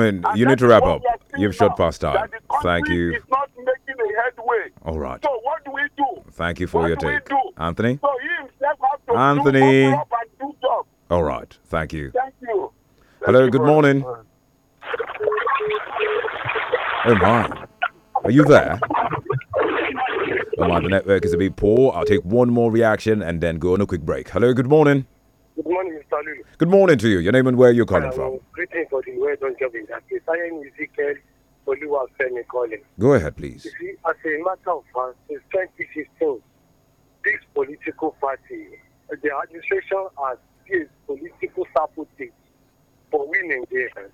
Chairman, and you need to wrap up. You've shot past time. Thank you. Is not making a headway. All right. So what do we do? Thank you for what your take, Anthony. So Anthony. All right. Thank you. Thank you. Hello. Thank good you morning. Morning. Oh my. Are you there? Oh my, the network is a bit poor. I'll take one more reaction and then go on a quick break. Hello, good morning. Good morning, Mr. Lulu. Good morning to you. Your name and where you're calling from. Go ahead, please. See, as a matter of fact, since 2015, this political party, the administration has used political sabotage for winning there.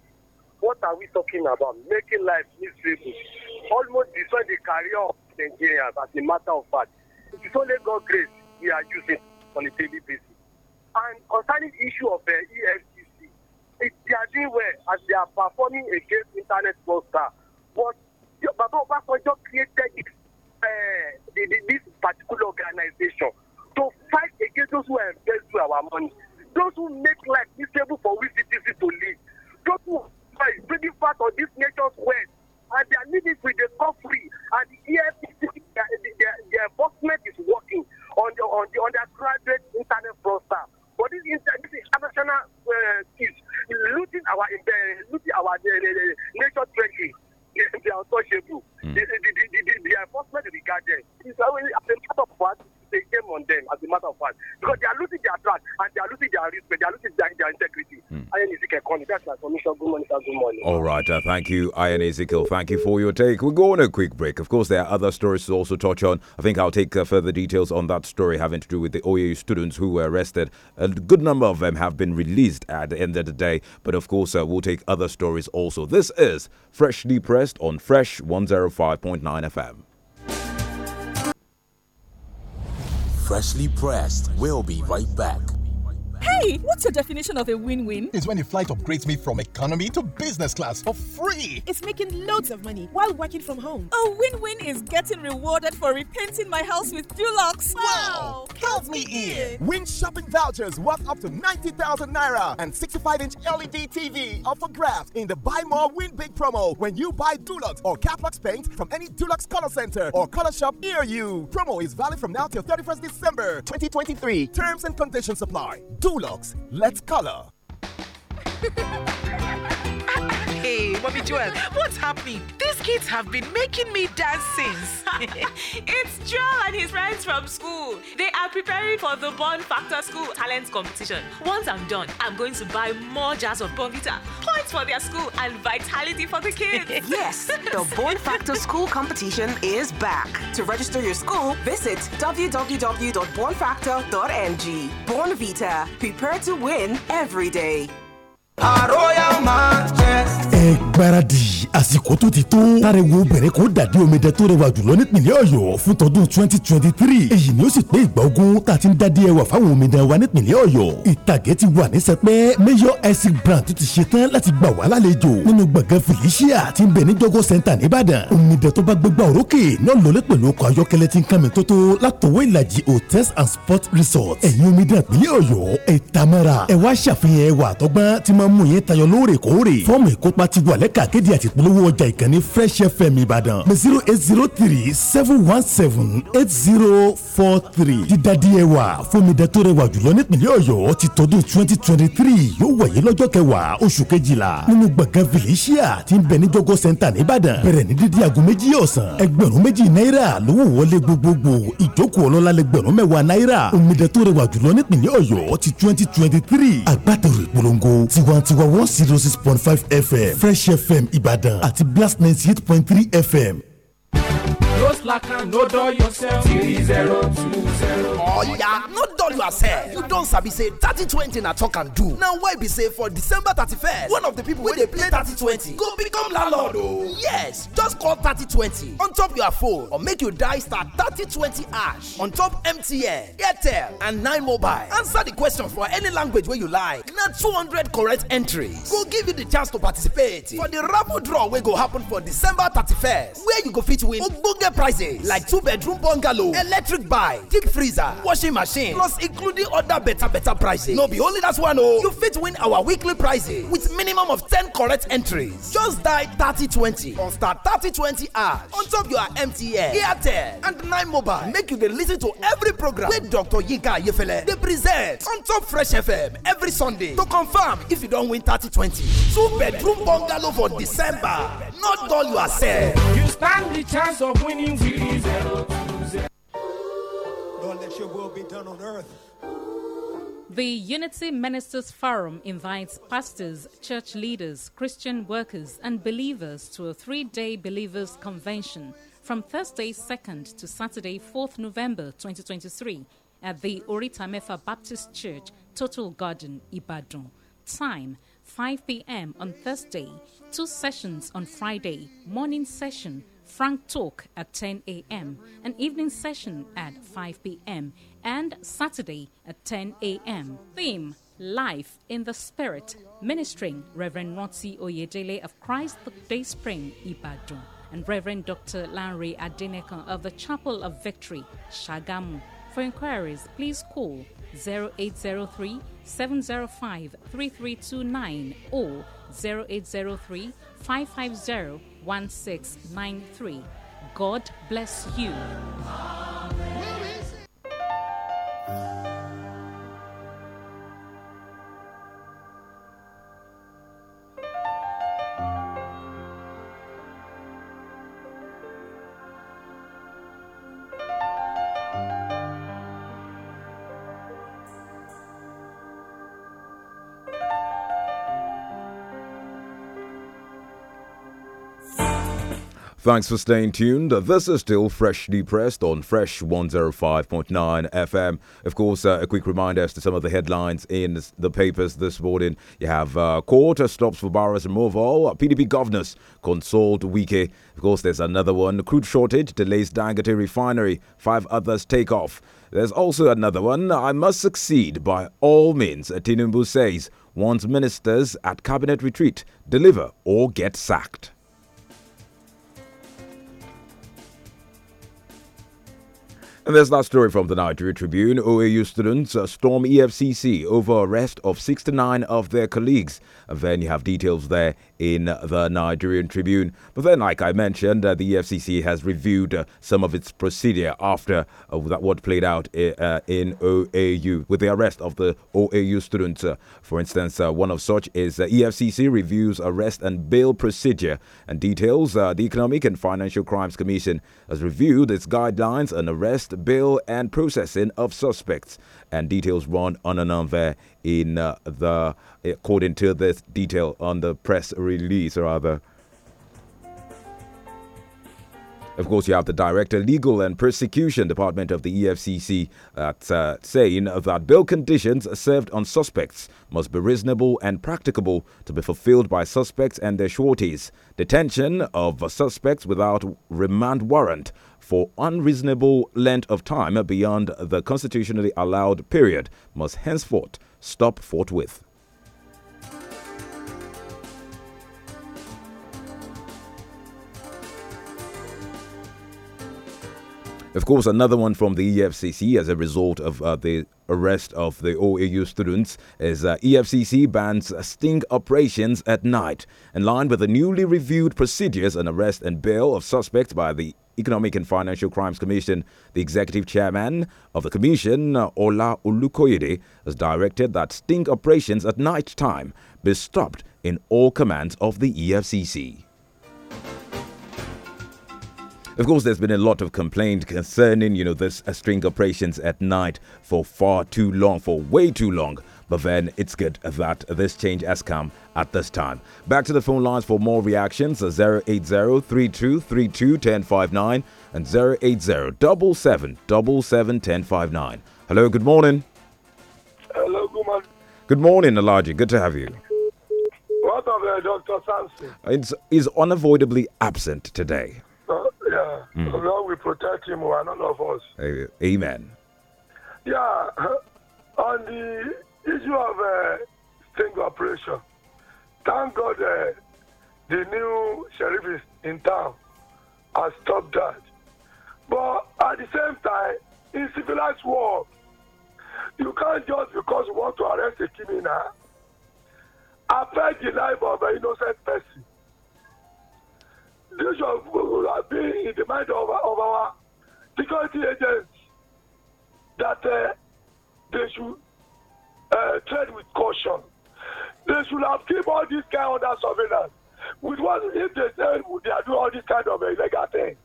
What are we talking about? Making life miserable. Almost destroy the career of Nigerians as a matter of fact. It's only God grace we are using on a daily basis. And concerning the issue of the uh, EFCC, it is they are doing well as they are performing against internet monsters this particular organization to fight against those who through our money, those who make life miserable for we thank you, Ian Ezekiel. Thank you for your take. We'll go on a quick break. Of course, there are other stories to also touch on. I think I'll take uh, further details on that story having to do with the OAU students who were arrested. A good number of them have been released at the end of the day. But of course, uh, we'll take other stories also. This is Freshly Pressed on Fresh 105.9 FM. Freshly Pressed. We'll be right back. Hey, what's your definition of a win-win? Is when a flight upgrades me from economy to business class for free. It's making loads of money while working from home. A win-win is getting rewarded for repainting my house with Dulux. Wow! Count me in. Win shopping vouchers worth up to 90,000 naira and 65-inch LED TV off a grabs in the Buy More Win Big promo when you buy Dulux or Caplux paint from any Dulux Color Center or Color Shop near you. Promo is valid from now till 31st December 2023. Terms and conditions apply. Two locks. Let's color. Hey, Mommy Joel, what's happening? These kids have been making me dance since. it's Joel and his friends from school. They are preparing for the Born Factor School Talent Competition. Once I'm done, I'm going to buy more jars of Bonvita, points for their school, and vitality for the kids. yes, the Born Factor School Competition is back. To register your school, visit www.bornfactor.ng. Born Vita, prepare to win every day. ẹ gbáradì àsìkò tó ti tó tariwo bẹ̀rẹ̀ kó dàdí omidan tó rẹwà jùlọ nípìnlẹ̀ ọ̀yọ́ fún tọdún twenty twenty three èyí ni ó sì pé ìgbà ogún tá a ti ń dádí ẹwà fáwọn omidan wa nípìnlẹ̀ ọ̀yọ́ ìtàgé ti wà ní sẹpẹ́ mayor essex brand tó ti ṣe tán láti gbà wá lálejò nínú gbọ̀ngàn felicia ti ń bẹ ní jọgọ center nìbàdàn omidan tó bá gbégbá òrókè ní ọ̀lọ́lẹ̀ pẹ̀lú ọkọ̀ ayọ́kẹ́lẹ́ ti ń kàmì hotels and sports resort ẹ̀yin omidan ìpínlẹ̀ ọ̀yọ́ ẹ̀ta mẹ́ra ẹ̀ wá ṣàfihàn máa mú yín tayọ lóòrèkóòrè fọ́ọ̀mù ìkópa ti wà lẹ́ka akéde àti ìpolówó ọjà ìkànnì Fresh FM Ìbàdàn pé zero eight zero three seven one seven eight zero four three dídádí ẹwà fomidẹ tó rẹwà jùlọ nípìnlẹ̀ Ọ̀yọ́ ti tọdún twenty twenty three yóò wáyé lọ́jọ́ kẹwàá oṣù kejìlá nínú gbọ̀ngàn felicia ti ń bẹ ní jọgọ center nìbàdàn bẹ̀rẹ̀ ní dídí aago méjì ọ̀sán ẹgbẹ̀rún méjì náírà lówó wọlé gbogbogbò ìjókòó ọlọ́lá lẹgbẹ̀rún mẹ́wàá náírà omidan rẹwà jùlọ nípìnlẹ̀ Ọ̀yọ́ ti twenty twenty three agbátẹrù ìpolongo tiwa ìbàdàn tiwa one zero six point five fm fresh fm Ibadan, àti blast ninety eight point three fm. no slack and no dull yourself. three zero two zero. ọ̀ya. no tell you say you don't sabi say thirty twenty na talk and do Now why be say for december thirty first one of the people wey dey play thirty twenty go become landlord o oh. yes just call thirty twenty on top your phone or make you die star thirty twenty ash on top mtn airtel and nine mobile answer the question for any language wey you like na two hundred correct entries go give you the chance to participate for the raffle draw wey go happen for december thirty first where you go fit win ogbonge prizes like two bedroom bungalow electric bike deep freezer washing machine plus including other better better prizes. No be only that one Oh, You fit win our weekly prizes with minimum of ten correct entries. Just die thirty twenty on star thirty twenty ash on top your MTN, Airtel and Nine Mobile. Make you the listen to every program With Dr. Yinka Yefele, they present on top Fresh FM every Sunday to confirm if you don't win thirty twenty. Two bedroom bungalow for December. Not dull yourself. You stand the chance of winning 0 0. done on earth. The Unity Ministers Forum invites pastors, church leaders, Christian workers, and believers to a three day believers convention from Thursday 2nd to Saturday 4th November 2023 at the Oritamefa Baptist Church, Total Garden, Ibadan. Time 5 p.m. on Thursday, two sessions on Friday, morning session, Frank Talk at 10 a.m., and evening session at 5 p.m and Saturday at 10 a.m. Theme Life in the Spirit, ministering Reverend Rotsi Oyedele of Christ the Day Spring, Ibadan, and Reverend Dr. Larry Adineka of the Chapel of Victory, Shagamu. For inquiries, please call 0803 705 3329 or 0803 550 1693. God bless you. Bye. Thanks for staying tuned. This is still freshly pressed on Fresh 105.9 FM. Of course, uh, a quick reminder as to some of the headlines in the papers this morning. You have uh, stops for Barras and PDP governors consult Wiki. Of course, there's another one. Crude shortage delays Dangote refinery. Five others take off. There's also another one. I must succeed by all means, Tinubu says. Wants ministers at cabinet retreat deliver or get sacked. And there's that story from the Nigeria Tribune. OAU students uh, storm EFCC over arrest of 69 of their colleagues then you have details there in the Nigerian Tribune. But then, like I mentioned, uh, the EFCC has reviewed uh, some of its procedure after uh, that what played out eh, in OAU with the arrest of the OAU students. for instance, one of such is uh, EFCC reviews arrest and bail procedure and details. the Economic and Financial Crimes Commission has reviewed its guidelines on arrest, bail, and processing of suspects and details run on and on there in uh, the according to this detail on the press release rather. Of course, you have the Director, Legal and Prosecution Department of the EFCC that uh, saying that bail conditions served on suspects must be reasonable and practicable to be fulfilled by suspects and their sureties. Detention of suspects without remand warrant for unreasonable length of time beyond the constitutionally allowed period must henceforth stop forthwith. Of course, another one from the EFCC as a result of uh, the arrest of the OAU students is uh, EFCC bans sting operations at night. In line with the newly reviewed procedures and arrest and bail of suspects by the Economic and Financial Crimes Commission, the executive chairman of the commission, Ola Ulukoyede, has directed that sting operations at night time be stopped in all commands of the EFCC. Of course, there's been a lot of complaint concerning, you know, this uh, string operations at night for far too long, for way too long. But then it's good that this change has come at this time. Back to the phone lines for more reactions 080-3232-1059 and 80 1059 Hello, good morning. Hello, good morning. Good morning, Elijah. Good to have you. What of uh, Dr. Samson? he's unavoidably absent today. Yeah. Mm. The Lord will protect him oh, are not of us. Eh, amen. Yeah. On the issue of uh, finger operation, thank God uh, the new sheriff is in town has stopped that. But at the same time, in civilized world, you can't just because you want to arrest a criminal affect the life of an innocent person. These have been in the mind of, of our security agents that uh, they should uh, tread with caution. They should have keep all this kind under of surveillance. With what if they say they are doing all this kind of illegal thing,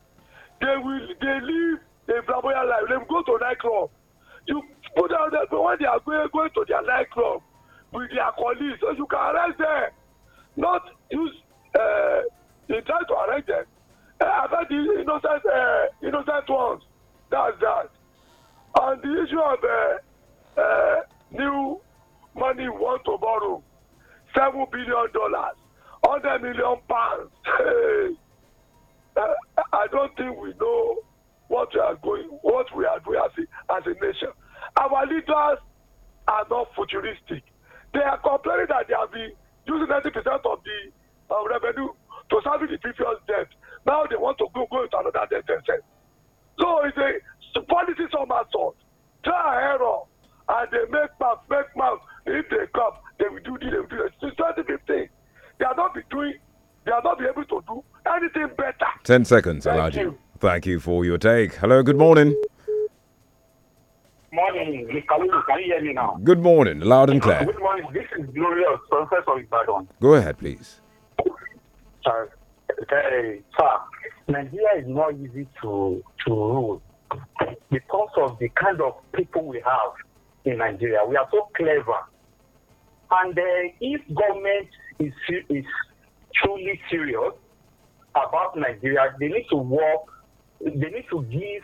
they will they live a flamboyant life. They go to nightclub. You put out that when they are going, going to their nightclub with their colleagues, so you can arrest them. Not use. Uh, they try to arrest them. Uh, eh, about the innocent, uh, innocent ones, that's that. And the issue of uh, uh, new money want to borrow, seven billion dollars, hundred million pounds. uh, I don't think we know what we are going, what we are doing as a, as a nation. Our leaders are not futuristic. They are complaining that they have been using 90 percent of the uh, revenue previous debt. Now they want to go, go into another debt themselves. So it's a policy some sort. Try error. And they make mouth, make mouth. If they come, they will do this, they will do this. 2015, they are not be doing, they are not be able to do anything better. 10 seconds, Elijah. Thank, Thank you for your take. Hello, good morning. Morning, Can you hear me now? Good morning, loud and clear. Good morning. This is Glorious, Professor Ibadan. Go ahead, please. Sorry very Nigeria is not easy to, to rule because of the kind of people we have in Nigeria. We are so clever. And uh, if government is, is truly serious about Nigeria, they need to work, they need to give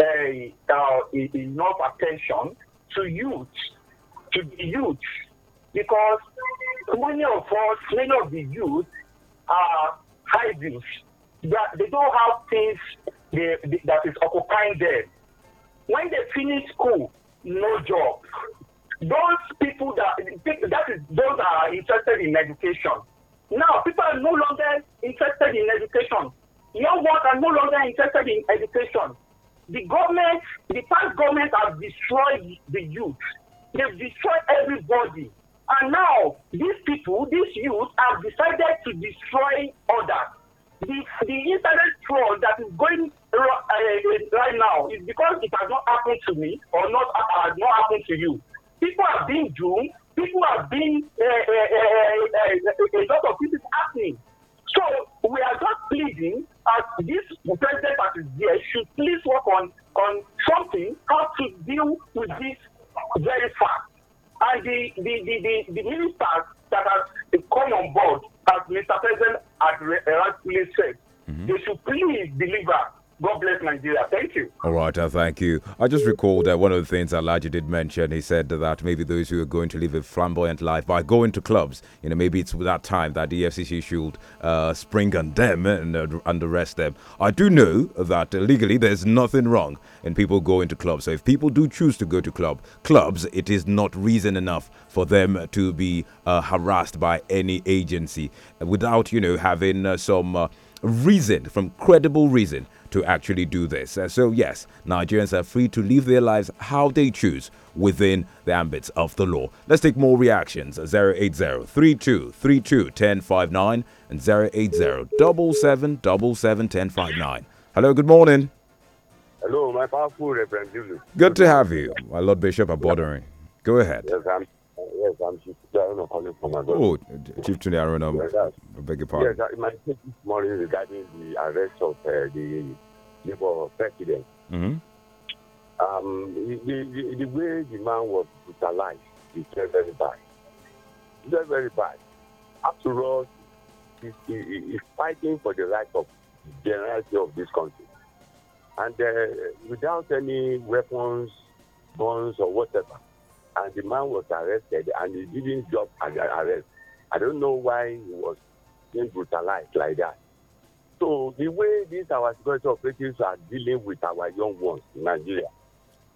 a, uh, uh, enough attention to youth, to the youth, because many of us, many of the youth are hiding. They don't have things they, they, that is occupying them. When they finish school, no job. Those people that that is those are interested in education. Now people are no longer interested in education. Young ones are no longer interested in education. The government, the past government, has destroyed the youth. They've destroyed everybody. And now, these people, these youth, have decided to destroy others. The, the internet troll that is going uh, right now is because it has not happened to me or not uh, has not happened to you. People are being doomed. People are being uh, a lot of things happening. So we are just pleading as this president that is there should please work on on something how to deal with this very fast. And the, the, the, the, the ministers that have come on board, as Mr. President had uh, rightly said, mm -hmm. they should please deliver God bless Nigeria. Thank you. All right, uh, thank you. I just recalled that uh, one of the things Alaji did mention. He said that maybe those who are going to live a flamboyant life by going to clubs, you know, maybe it's that time that the FCC should uh, spring on them and, uh, and arrest them. I do know that legally there's nothing wrong in people going to clubs. So if people do choose to go to club clubs, it is not reason enough for them to be uh, harassed by any agency without, you know, having uh, some reason from credible reason to actually do this. Uh, so, yes, Nigerians are free to live their lives how they choose within the ambits of the law. Let's take more reactions 080-3232-1059 and 080-777-1059. Hello, good morning. Hello, my powerful Reverend Julius. Good to have you, my Lord Bishop I'm bothering. Go ahead. Yes, I'm yes, I'm Chief Tuniaruna calling from Agogo. Oh, Chief Tuniaruna, yes, I beg your pardon. Yes, my take this morning regarding the arrest of uh, the Labour president. Mm-hmm. Um, the, the, the, way the man was brutalized is very, very bad. Very, very bad. After all, he's, he, he's fighting for the right of the generality of this country. And uh, without any weapons, guns, or whatever, and the man was arrested and he didn't drop at the arrest. I don't know why he was being brutalized like that. So the way these our security operatives are dealing with our young ones in Nigeria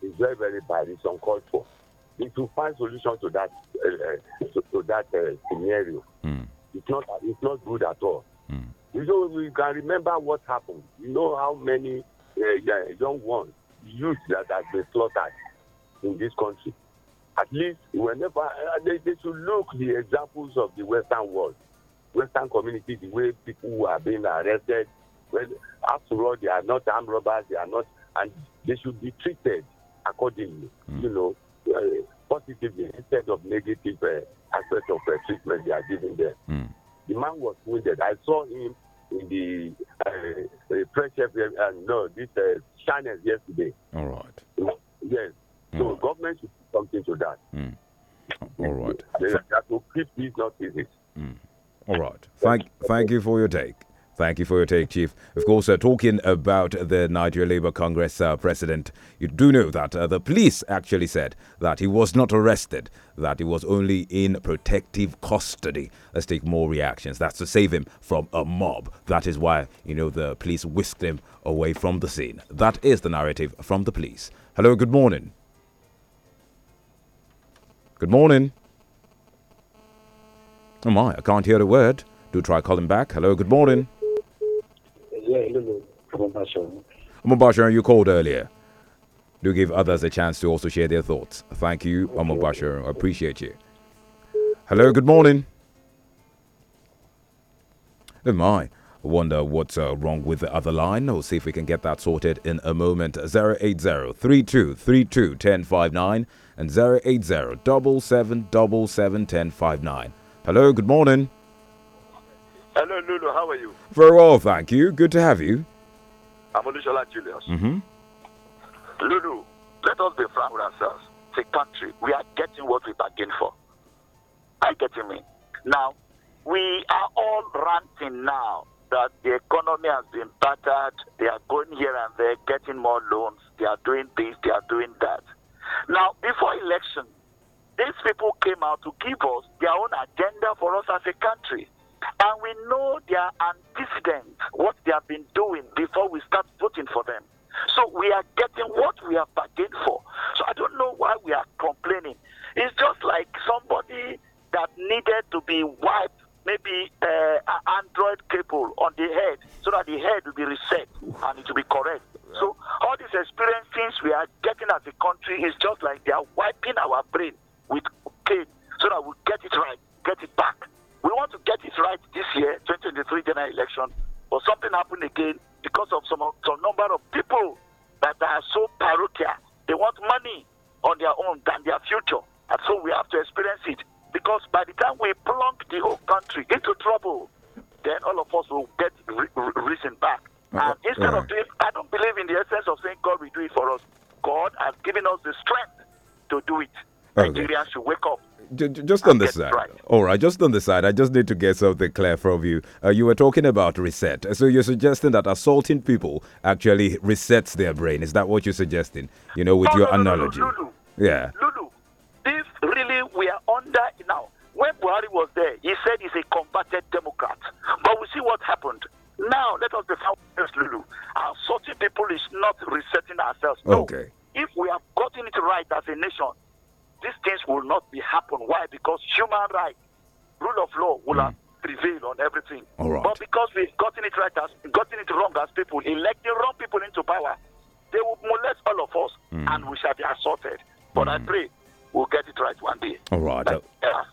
is very, very bad. It's uncalled They should find solution to that uh, uh to, to, that uh, scenario. Mm. It's not it's not good at all. Mm. You know, we can remember what happened. You know how many uh, young ones, youth that have been slaughtered in this country at least whenever uh, they, they should look the examples of the Western world, Western community, the way people who are being arrested. Well, after all, they are not armed robbers. They are not, and they should be treated accordingly. Mm. You know, uh, positively instead of negative uh, aspect of uh, treatment they are giving them. Mm. The man was wounded. I saw him in the uh, uh, press uh, no, this uh, channel yesterday. All right. Yes. All so right. Hmm. government should some things to that. Mm. All right. That will keep these not easy. Mm. All right. Thank, thank you for your take. Thank you for your take, Chief. Of course, uh, talking about the Nigeria Labour Congress uh, president, you do know that uh, the police actually said that he was not arrested, that he was only in protective custody. Let's take more reactions. That's to save him from a mob. That is why, you know, the police whisked him away from the scene. That is the narrative from the police. Hello, good morning. Good morning. Oh my, I can't hear a word. Do try calling back. Hello, good morning. Yeah, hello. Omobasha, you called earlier. Do give others a chance to also share their thoughts. Thank you, okay. I appreciate you. Hello, good morning. Oh my. I wonder what's uh, wrong with the other line. We'll see if we can get that sorted in a moment. 080 3232 1059 and 080-777-1059. Hello, good morning. Hello, Lulu. How are you? Very well, thank you. Good to have you. I'm Olushola Julius. Mm-hmm. Lulu, let us be frank with ourselves. It's a country. We are getting what we bargained for. I get getting me? Now, we are all ranting now that the economy has been battered. They are going here and there, getting more loans. They are doing this, they are doing that. Now, before election, these people came out to give us their own agenda for us as a country. And we know their antecedents, what they have been doing before we start voting for them. So we are getting what we have bargained for. So I don't know why we are complaining. It's just like somebody that needed to be wiped maybe uh, Android cable on the head so that the head will be reset and it will be correct. Yeah. So all these experience things we are getting as a country is just like they are wiping our brain with cane so that we get it right, get it back. We want to get it right this year, 2023 general election, but something happened again because of some, some number of people that are so parochial. They want money on their own than their future. And so we have to experience it. Because by the time we plunk the whole country into trouble, then all of us will get re- reason back. Uh, and instead of uh. doing, I don't believe in the essence of saying God will do it for us. God has given us the strength to do it. Okay. should wake up just on the side. Right. All right, just on the side. I just need to get something clear from you. Uh, you were talking about reset. So you're suggesting that assaulting people actually resets their brain. Is that what you're suggesting? You know, with your no, analogy. No, Lulu, yeah. Lulu, if really we are under when Buhari was there, he said he's a combated Democrat. But we see what happened. Now, let us define what Lulu. Our sorting people is not resetting ourselves. No. Okay. If we have gotten it right as a nation, these things will not be happen. Why? Because human rights, rule of law will mm. prevail on everything. All right. But because we've gotten it right as gotten it wrong as people, electing wrong people into power, they will molest all of us mm. and we shall be assaulted. But mm. I hmm. pray we'll get it right one day. All right. Uh,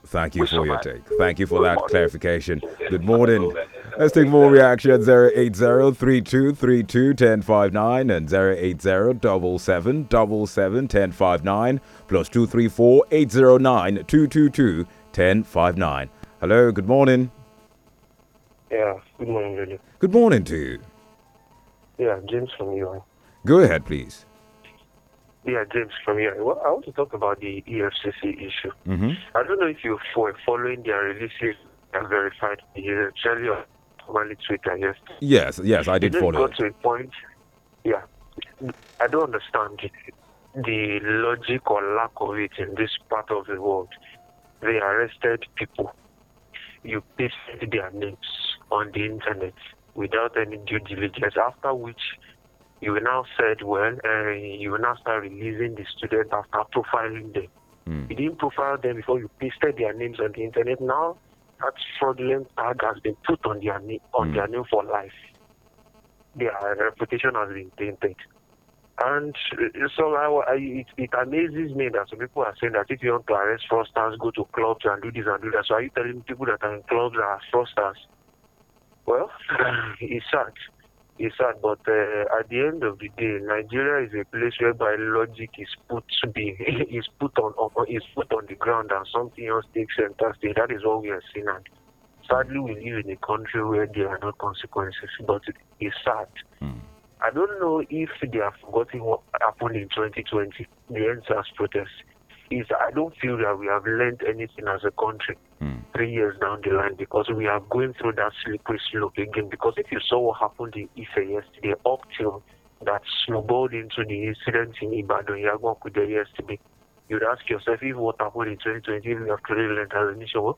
Thank you for your take. Thank you for Good that morning. clarification. Good morning. Let's take more reaction. 080-3232-1059 and 080-777-1059 plus 234-809-222-1059. Hello, good morning. Yeah, good morning, really. Good morning to you. Yeah, James from UI. Go ahead, please. Yeah, James from here. Well, I want to talk about the EFCC issue. Mm-hmm. I don't know if you were following their releases and verified. the actually on Twitter Yes, yes, I did follow. Got to a point. Yeah, I don't understand the logic or lack of it in this part of the world. They arrested people. You pasted their names on the internet without any due diligence. After which you will now said, well, uh, you will now start releasing the students after profiling them. Mm. You didn't profile them before you pasted their names on the internet. Now that fraudulent tag has been put on their name on mm. their name for life. Their reputation has been tainted. And uh, so I, I, it, it, amazes me that some people are saying that if you want to arrest fraudsters, go to clubs and do this and do that. So are you telling people that are uh, in clubs are fraudsters? Well, it's such. Yes, sad, but uh, at the end of the day, Nigeria is a place whereby logic is put to be is put on, on is put on the ground and something else takes center stage. That is what we are seeing. And sadly, we live in a country where there are no consequences, but it's sad. Mm. I don't know if they have forgotten what happened in 2020, the NSAS protests is I don't feel that we have learned anything as a country mm. three years down the line because we are going through that slippery slope again. Because if you saw what happened in Ife yesterday, up till that snowballed into the incident in Ibadan, Yagwakude yesterday, you'd ask yourself if what happened in 2020, we have to really learned as a nation.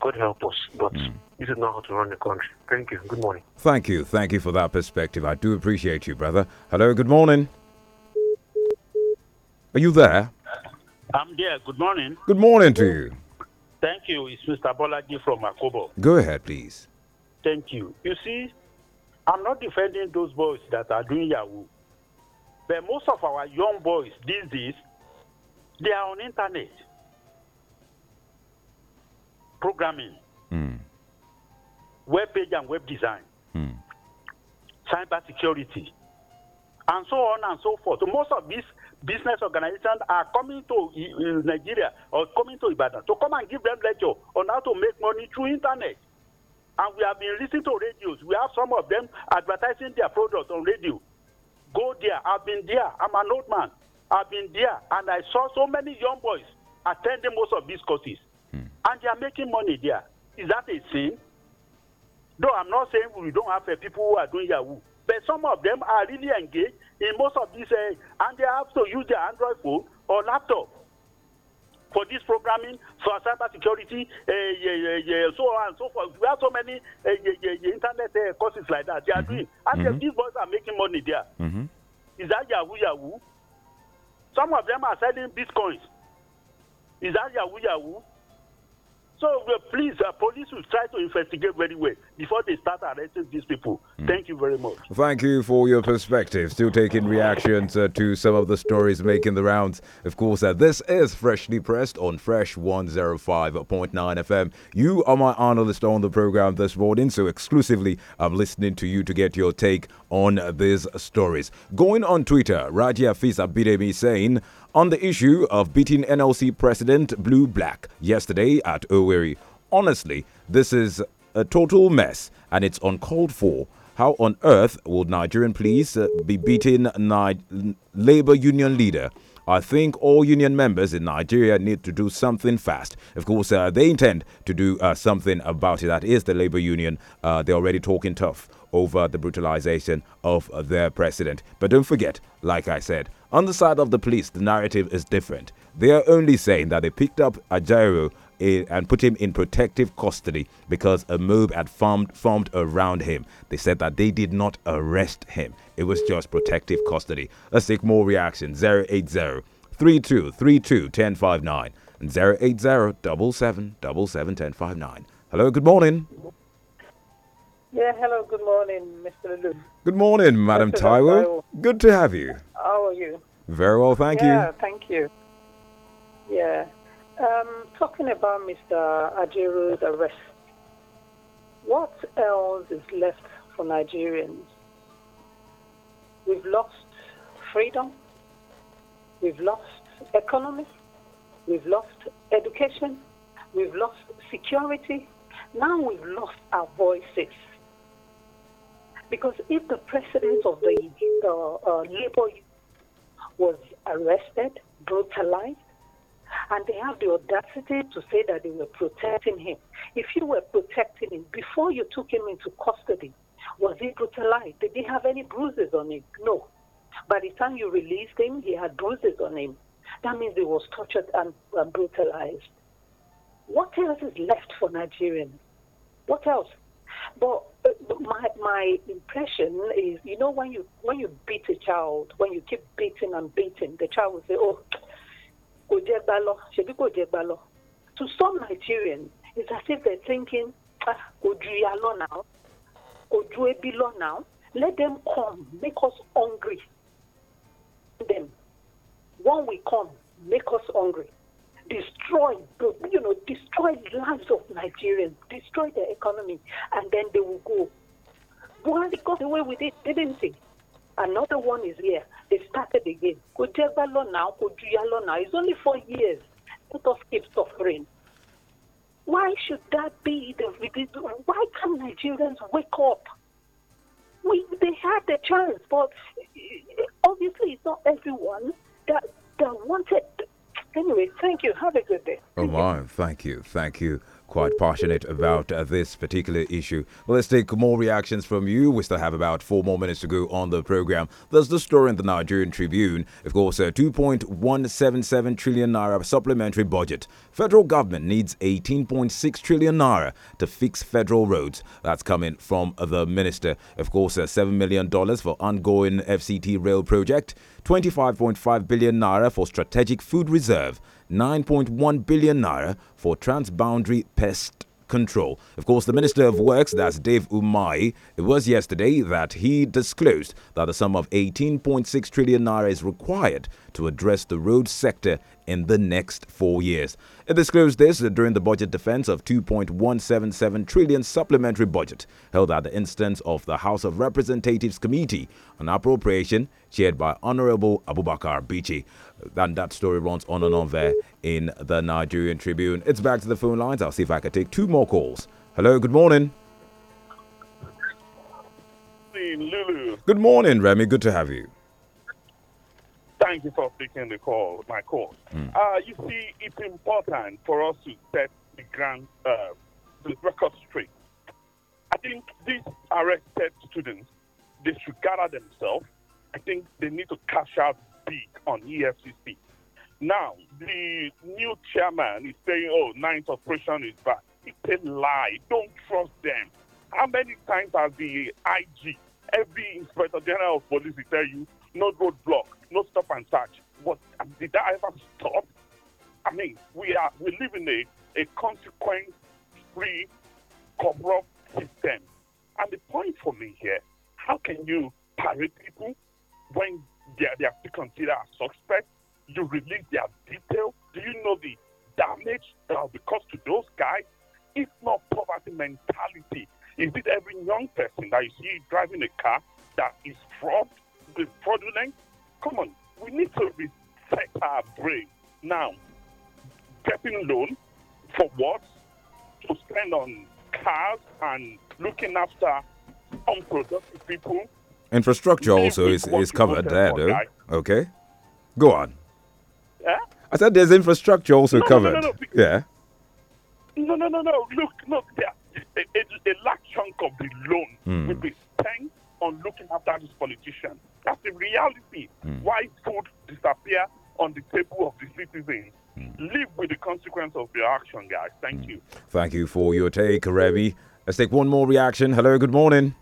God help us, but mm. this is not how to run the country. Thank you. Good morning. Thank you. Thank you for that perspective. I do appreciate you, brother. Hello, good morning. Are you there? I'm there. Good morning. Good morning to you. Thank you. It's Mr. Bolaji from Akobo. Go ahead, please. Thank you. You see, I'm not defending those boys that are doing Yahoo. But most of our young boys these days, they are on internet programming, mm. web page and web design, mm. cyber security, and so on and so forth. Most of these business organizations are coming to Nigeria or coming to Ibadan to come and give them lecture on how to make money through internet. And we have been listening to radios. We have some of them advertising their products on radio. Go there. I've been there. I'm an old man. I've been there, and I saw so many young boys attending most of these courses, hmm. and they are making money there. Is that a sin? No, I'm not saying we don't have people who are doing Yahoo, but some of them are really engaged in most of these, uh, and they have to use their Android phone or laptop for this programming, for cyber security, uh, yeah, yeah, yeah, so on and so forth. We have so many uh, internet uh, courses like that they are mm -hmm. doing. And mm -hmm. these boys are making money there. Mm -hmm. Is that Yahoo Yahoo? Some of them are selling bitcoins. Is that Yahoo Yahoo? So uh, please, uh, police will try to investigate very well before they start arresting these people. Mm. Thank you very much. Thank you for your perspective. Still taking reactions uh, to some of the stories making the rounds. Of course, uh, this is Freshly Pressed on Fresh 105.9 FM. You are my analyst on the program this morning, so exclusively I'm listening to you to get your take on these stories. Going on Twitter, Raja Fisa Bidemi saying, on the issue of beating NLC President Blue Black yesterday at Owerri. Honestly, this is a total mess and it's uncalled for. How on earth would Nigerian police uh, be beating Ni Labour Union leader? I think all union members in Nigeria need to do something fast. Of course, uh, they intend to do uh, something about it. That is the labor union. Uh, they're already talking tough over the brutalization of their president. But don't forget, like I said, on the side of the police, the narrative is different. They are only saying that they picked up Ajayru eh, and put him in protective custody because a mob had formed, formed around him. They said that they did not arrest him. It was just protective custody. Let's take more reactions. 080 3232 1059 and 080 Hello, good morning. Yeah, hello, good morning, Mr. Lulu. Good morning, Madam Taiwo. Good to have you. How are you? Very well, thank yeah, you. thank you. Yeah. Um, talking about Mr. Ajiru's arrest, what else is left for Nigerians? We've lost freedom, we've lost economy, we've lost education, we've lost security, now we've lost our voices. Because if the president of the uh, uh, labor was arrested, brutalized, and they have the audacity to say that they were protecting him. If you were protecting him before you took him into custody, was he brutalized? Did he have any bruises on him? No. By the time you released him, he had bruises on him. That means he was tortured and, and uh, brutalized. What else is left for Nigerians? What else? But uh, my my impression is, you know, when you when you beat a child, when you keep beating and beating, the child will say, "Oh, go shebi kujebalo. To some Nigerians, it's as if they're thinking, ah, now, go now." Let them come, make us hungry. Then, when we come, make us hungry destroy, you know, destroy lives of Nigerians, destroy their economy, and then they will go. Buhari got away with it, didn't they? Another one is here. They started again. Kojeba now, Kojuya now. It's only four years. Let us keep suffering. Why should that be the why can't Nigerians wake up? We they had the chance, but obviously it's not everyone that that wanted Anyway, thank you. Have a good day. Oh, Thank you. Thank you quite passionate about uh, this particular issue. Well, let's take more reactions from you. We still have about four more minutes to go on the program. There's the story in the Nigerian Tribune. Of course, a uh, 2.177 trillion naira supplementary budget. Federal government needs 18.6 trillion naira to fix federal roads. That's coming from the minister. Of course, uh, $7 million for ongoing FCT rail project, 25.5 billion naira for strategic food reserve. 9.1 billion naira for transboundary pest control. Of course, the Minister of Works, that's Dave Umai, it was yesterday that he disclosed that the sum of 18.6 trillion naira is required to address the road sector in the next four years. It disclosed this during the budget defense of 2.177 trillion supplementary budget held at the instance of the House of Representatives Committee on Appropriation chaired by Honorable Abubakar Bichi. And that story runs on and on there in the Nigerian Tribune. It's back to the phone lines. I'll see if I can take two more calls. Hello, good morning. Lulu. Good morning, Remy. Good to have you. Thank you for taking the call, my call. Mm. Uh, you see, it's important for us to set the grand uh, the record straight. I think these arrested students, they should gather themselves. I think they need to cash out big on EFCC. Now, the new chairman is saying, oh, ninth operation is back. It's a lie. Don't trust them. How many times has the IG, every inspector general of police will tell you, no roadblock, no stop and search. What did that ever stop? I mean, we are we live in a, a consequence-free corrupt system. And the point for me here, how can you parry people when they are, they are considered as suspects. You release their details. Do you know the damage that will be caused to those guys? It's not poverty mentality. Is it every young person that you see driving a car that is fraud, fraudulent? Come on, we need to reset our brain now. Getting loan for what? To spend on cars and looking after unproductive people Infrastructure also is, is covered there, though. Okay. Go on. Yeah? I said there's infrastructure also no, covered. No, no, yeah. No, no, no, no. Look, look, there. A, a, a large chunk of the loan mm. will be spent on looking after this politician. That's the reality. Mm. Why food disappear on the table of the citizens? Mm. Live with the consequence of your action, guys. Thank hmm. you. Thank you for your take, Remy. Let's take one more reaction. Hello, good morning.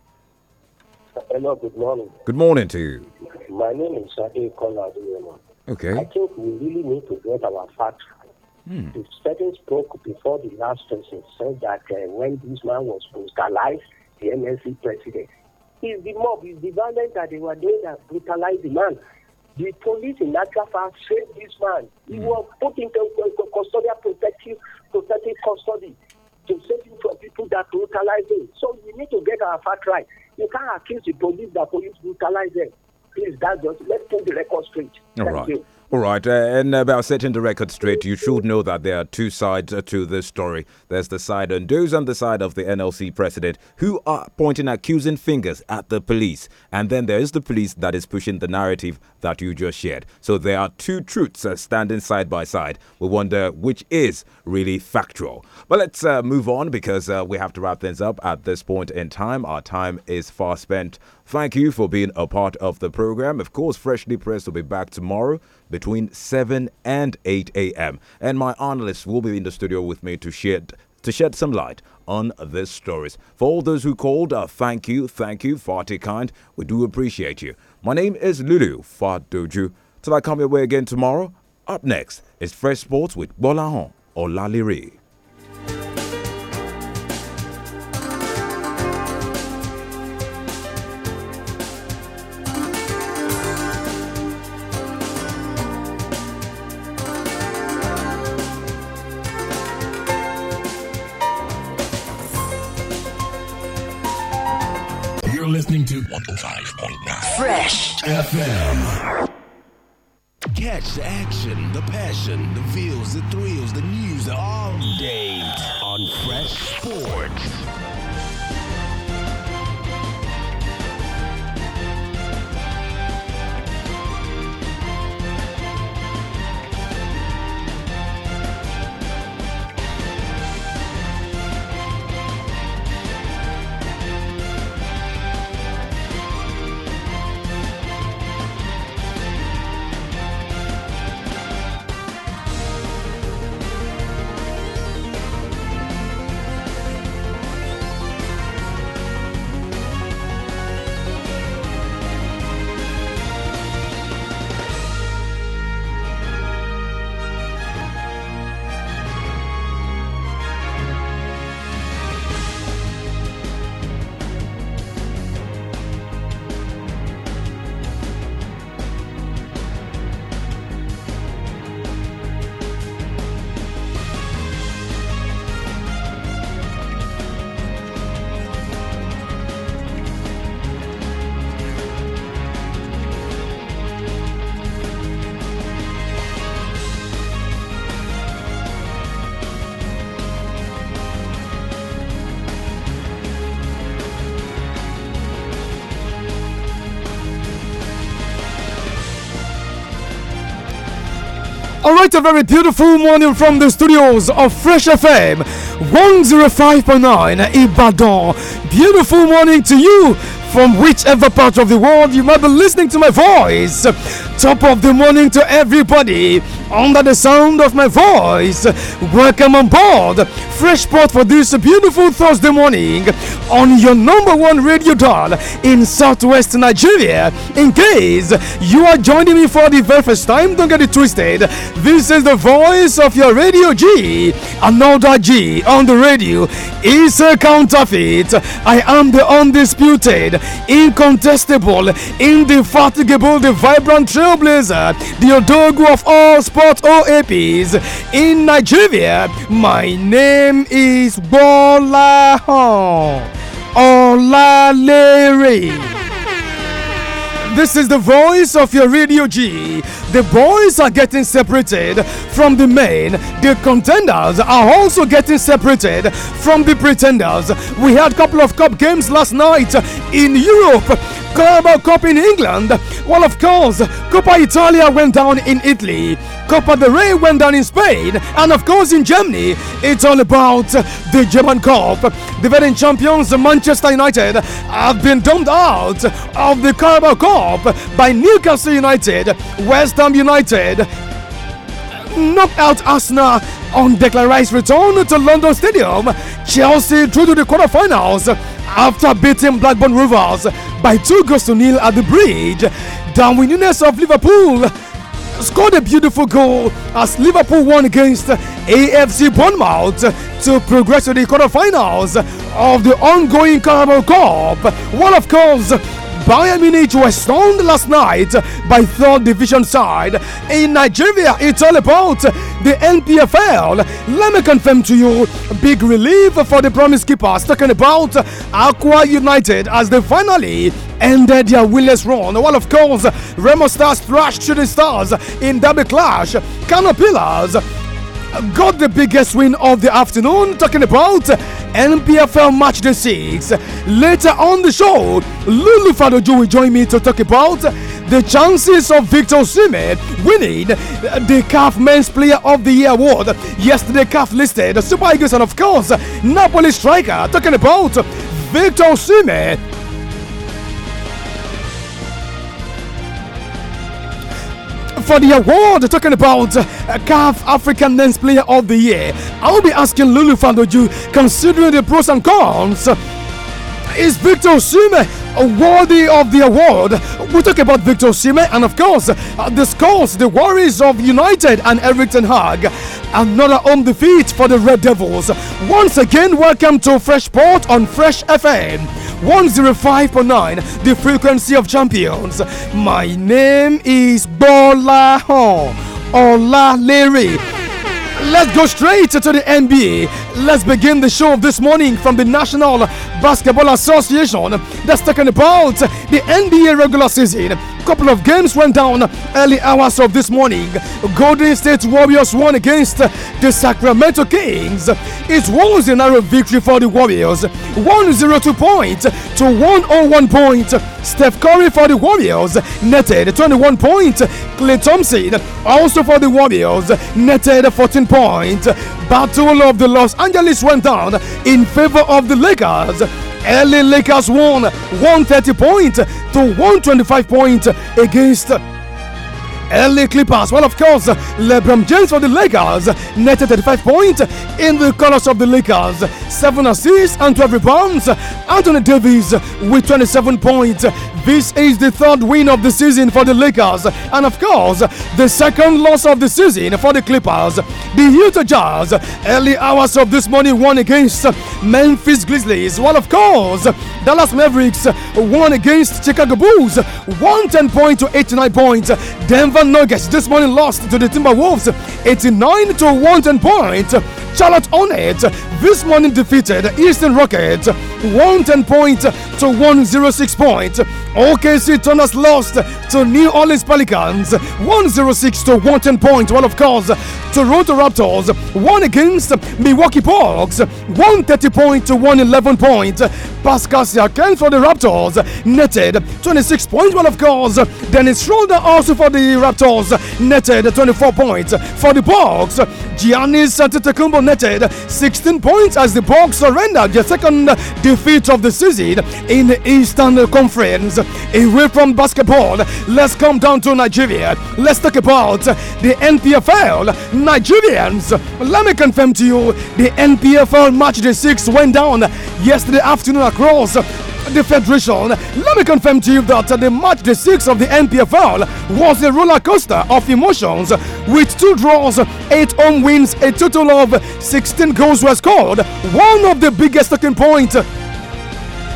Hello, good morning. Good morning to you. My name is Sadi Kola Okay. I think we really need to get our facts Hmm. The second spoke before the last person said that uh, when this man was brutalized, the MNC president, is the mob, is the violence that they were doing that brutalized the man. The police in Natrafa saved this man. Hmm. He was put into custodial protective, protective custody to save you from people that brutalize them. So we need to get our facts right. You can't accuse the police that police brutalize them. Please, that just let's put the record straight. All Thank right. You. All right, uh, and about setting the record straight, you should know that there are two sides to this story. There's the side on those on the side of the NLC president who are pointing accusing fingers at the police, and then there is the police that is pushing the narrative that you just shared. So there are two truths uh, standing side by side. We wonder which is really factual. But let's uh, move on because uh, we have to wrap things up at this point in time. Our time is far spent. Thank you for being a part of the program. Of course, Freshly Pressed will be back tomorrow between 7 and 8 a.m. And my analysts will be in the studio with me to shed, to shed some light on these stories. For all those who called, uh, thank you, thank you, too Kind. We do appreciate you. My name is Lulu Fadoju. Till I come your way again tomorrow, up next is Fresh Sports with Bolahon Olaliri. to 105.9 Fresh FM. Catch the action, the passion, the feels, the thrills, the news all day on Fresh Sports. right, a very beautiful morning from the studios of Fresh FM 105.9 Ibadan. Beautiful morning to you from whichever part of the world you might be listening to my voice. Top of the morning to everybody under the sound of my voice. Welcome on board fresh spot for this beautiful Thursday morning on your number one radio dial in southwest Nigeria. In case you are joining me for the very first time, don't get it twisted. This is the voice of your radio G. Another G on the radio is a counterfeit. I am the undisputed, incontestable, indefatigable, the vibrant trailblazer, the Odogu of all sport OAPs in Nigeria. My name name is Bola Olalere. This is the voice of your Radio G. The boys are getting separated from the main. The contenders are also getting separated from the pretenders. We had a couple of cup games last night in Europe. Carabao Cup in England. Well, of course, Coppa Italia went down in Italy. Copa de Rey went down in Spain, and of course in Germany, it's all about the German Cup. The defending champions Manchester United have been dumped out of the Carabao Cup by Newcastle United, West Ham United, knocked out Arsenal on Declan return to London Stadium. Chelsea through to the quarterfinals after beating Blackburn Rovers by two goals to nil at the bridge. Darwin Nunes of Liverpool scored a beautiful goal as Liverpool won against AFC Bournemouth to progress to the quarterfinals of the ongoing Carabao Cup. Well, of course, Bayern Munich were stunned last night by third division side. In Nigeria, it's all about the NPFL. Let me confirm to you big relief for the promise keepers. Talking about Aqua United as they finally ended their winless run. Well, of course, Remo Stars thrashed to the Stars in double clash. Canopillas got the biggest win of the afternoon, talking about NPFL Matchday 6. Later on the show, Lulu Fadoju will join me to talk about the chances of Victor Sime winning the CAF Men's Player of the Year award. Yesterday, CAF listed Super Eagles and, of course, Napoli striker, talking about Victor Sime for the award, talking about uh, CAF African Dance Player of the Year. I will be asking Lulu Fandoju, considering the pros and cons. Uh, is Victor Sume worthy of the award? We talk about Victor Sime and, of course, uh, scores, the worries of United and Eric Ten Hag. Another home defeat for the Red Devils. Once again, welcome to Fresh Port on Fresh FM 105.9, the frequency of champions. My name is Bola Ho, Ola Leary. Let's go straight to the NBA. Let's begin the show of this morning from the National Basketball Association that's talking about the NBA regular season. Couple of games went down early hours of this morning. Golden State Warriors won against the Sacramento Kings. It was a narrow victory for the Warriors 102 points to 101 points. Steph Curry for the Warriors netted 21 points. Clay Thompson also for the Warriors netted 14 points. Battle of the Los Angeles went down in favor of the Lakers. LA Lakers won 130 points to 125 points against LA Clippers. Well, of course, LeBron James for the Lakers netted 35 points in the colors of the Lakers, 7 assists and 12 rebounds. Anthony Davis with 27 points. This is the third win of the season for the Lakers, and of course, the second loss of the season for the Clippers. The Utah Jazz, early hours of this morning, won against Memphis Grizzlies. Well, of course, Dallas Mavericks won against Chicago Bulls 110 points to 89 points. Denver Nuggets this morning lost to the Timberwolves 89 to 110 points. Charlotte Hornets this morning defeated Eastern Rockets 110 points to 106 points. OKC Thunder lost to New Orleans Pelicans 106 to 110 points. Well, of course, Toronto Raptors won against Milwaukee Bucks 130 points to 111 points. Pascal Ken for the Raptors netted 26 points, but of course, Dennis Schroeder also for the Raptors netted 24 points. For the Bucks, Giannis Antetokounmpo netted 16 points as the Bucks surrendered their second defeat of the season in the Eastern Conference. Away from basketball, let's come down to Nigeria. Let's talk about the NPFL. Nigerians, let me confirm to you the NPFL match day 6 went down yesterday afternoon across the Federation. Let me confirm to you that the match day six of the NPFL was a roller coaster of emotions with two draws, eight home wins, a total of 16 goals were scored. One of the biggest talking points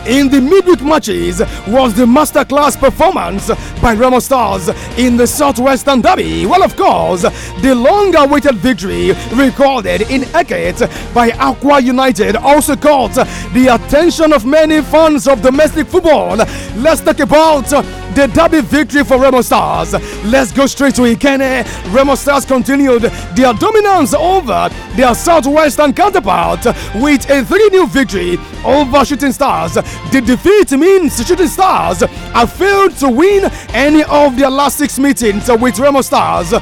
in the midweek matches was the masterclass performance by Remo Stars in the Southwestern Derby. Well, of course, the long awaited victory recorded in Ekiti by Aqua United also caught the attention of many fans of domestic football. Let's talk about the derby victory for Remo Stars. Let's go straight to Ikene. Remo Stars continued their dominance over their southwestern counterpart with a 3 new victory over Shooting Stars the defeat means Shooting Stars have failed to win any of their last six meetings with Remo Stars.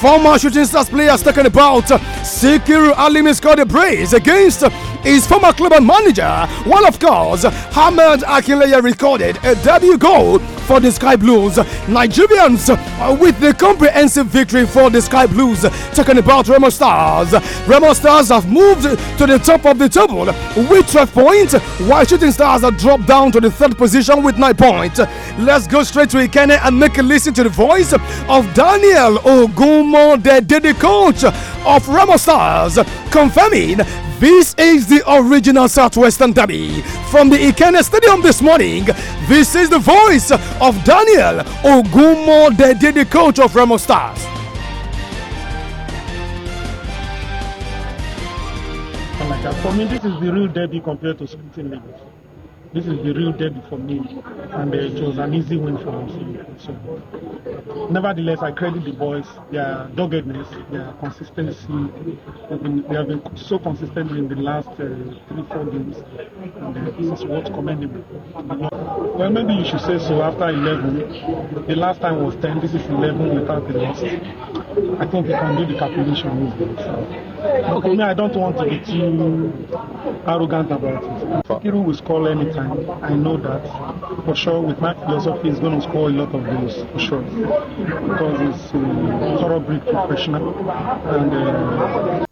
Former Shooting Stars players talking about Sikiru Alimi scored a brace against his former club and manager, well, of course, Ahmed Akinleye recorded a debut goal for the Sky Blues. Nigerians with the comprehensive victory for the Sky Blues. Talking about Remo Stars. Remo Stars have moved to the top of the table with 12 points, while Shooting Stars have dropped down to the third position with 9 points. Let's go straight to Ikene and make a listen to the voice of Daniel Ogumo, the, the coach of Remo Stars, confirming this is the original Southwestern Derby from the Ikene Stadium this morning. This is the voice of Daniel Ogumo the the coach of Remo Stars. For me, this is the real derby compared to Sporting League this is the real debut for me, and uh, it was an easy win for us. So, nevertheless, I credit the boys, their doggedness, their consistency. They've been, they have been so consistent in the last uh, three, four games, and uh, this is what's commendable. Well, maybe you should say so after 11. The last time was 10, this is 11 without the loss. I think you can do the calculation with this. Okay. For me, I don't want to be too arrogant about it. Kiru will score anytime. I know that. For sure, with my philosophy, he's going to score a lot of goals, for sure. Because he's a uh, thoroughbred professional. And uh,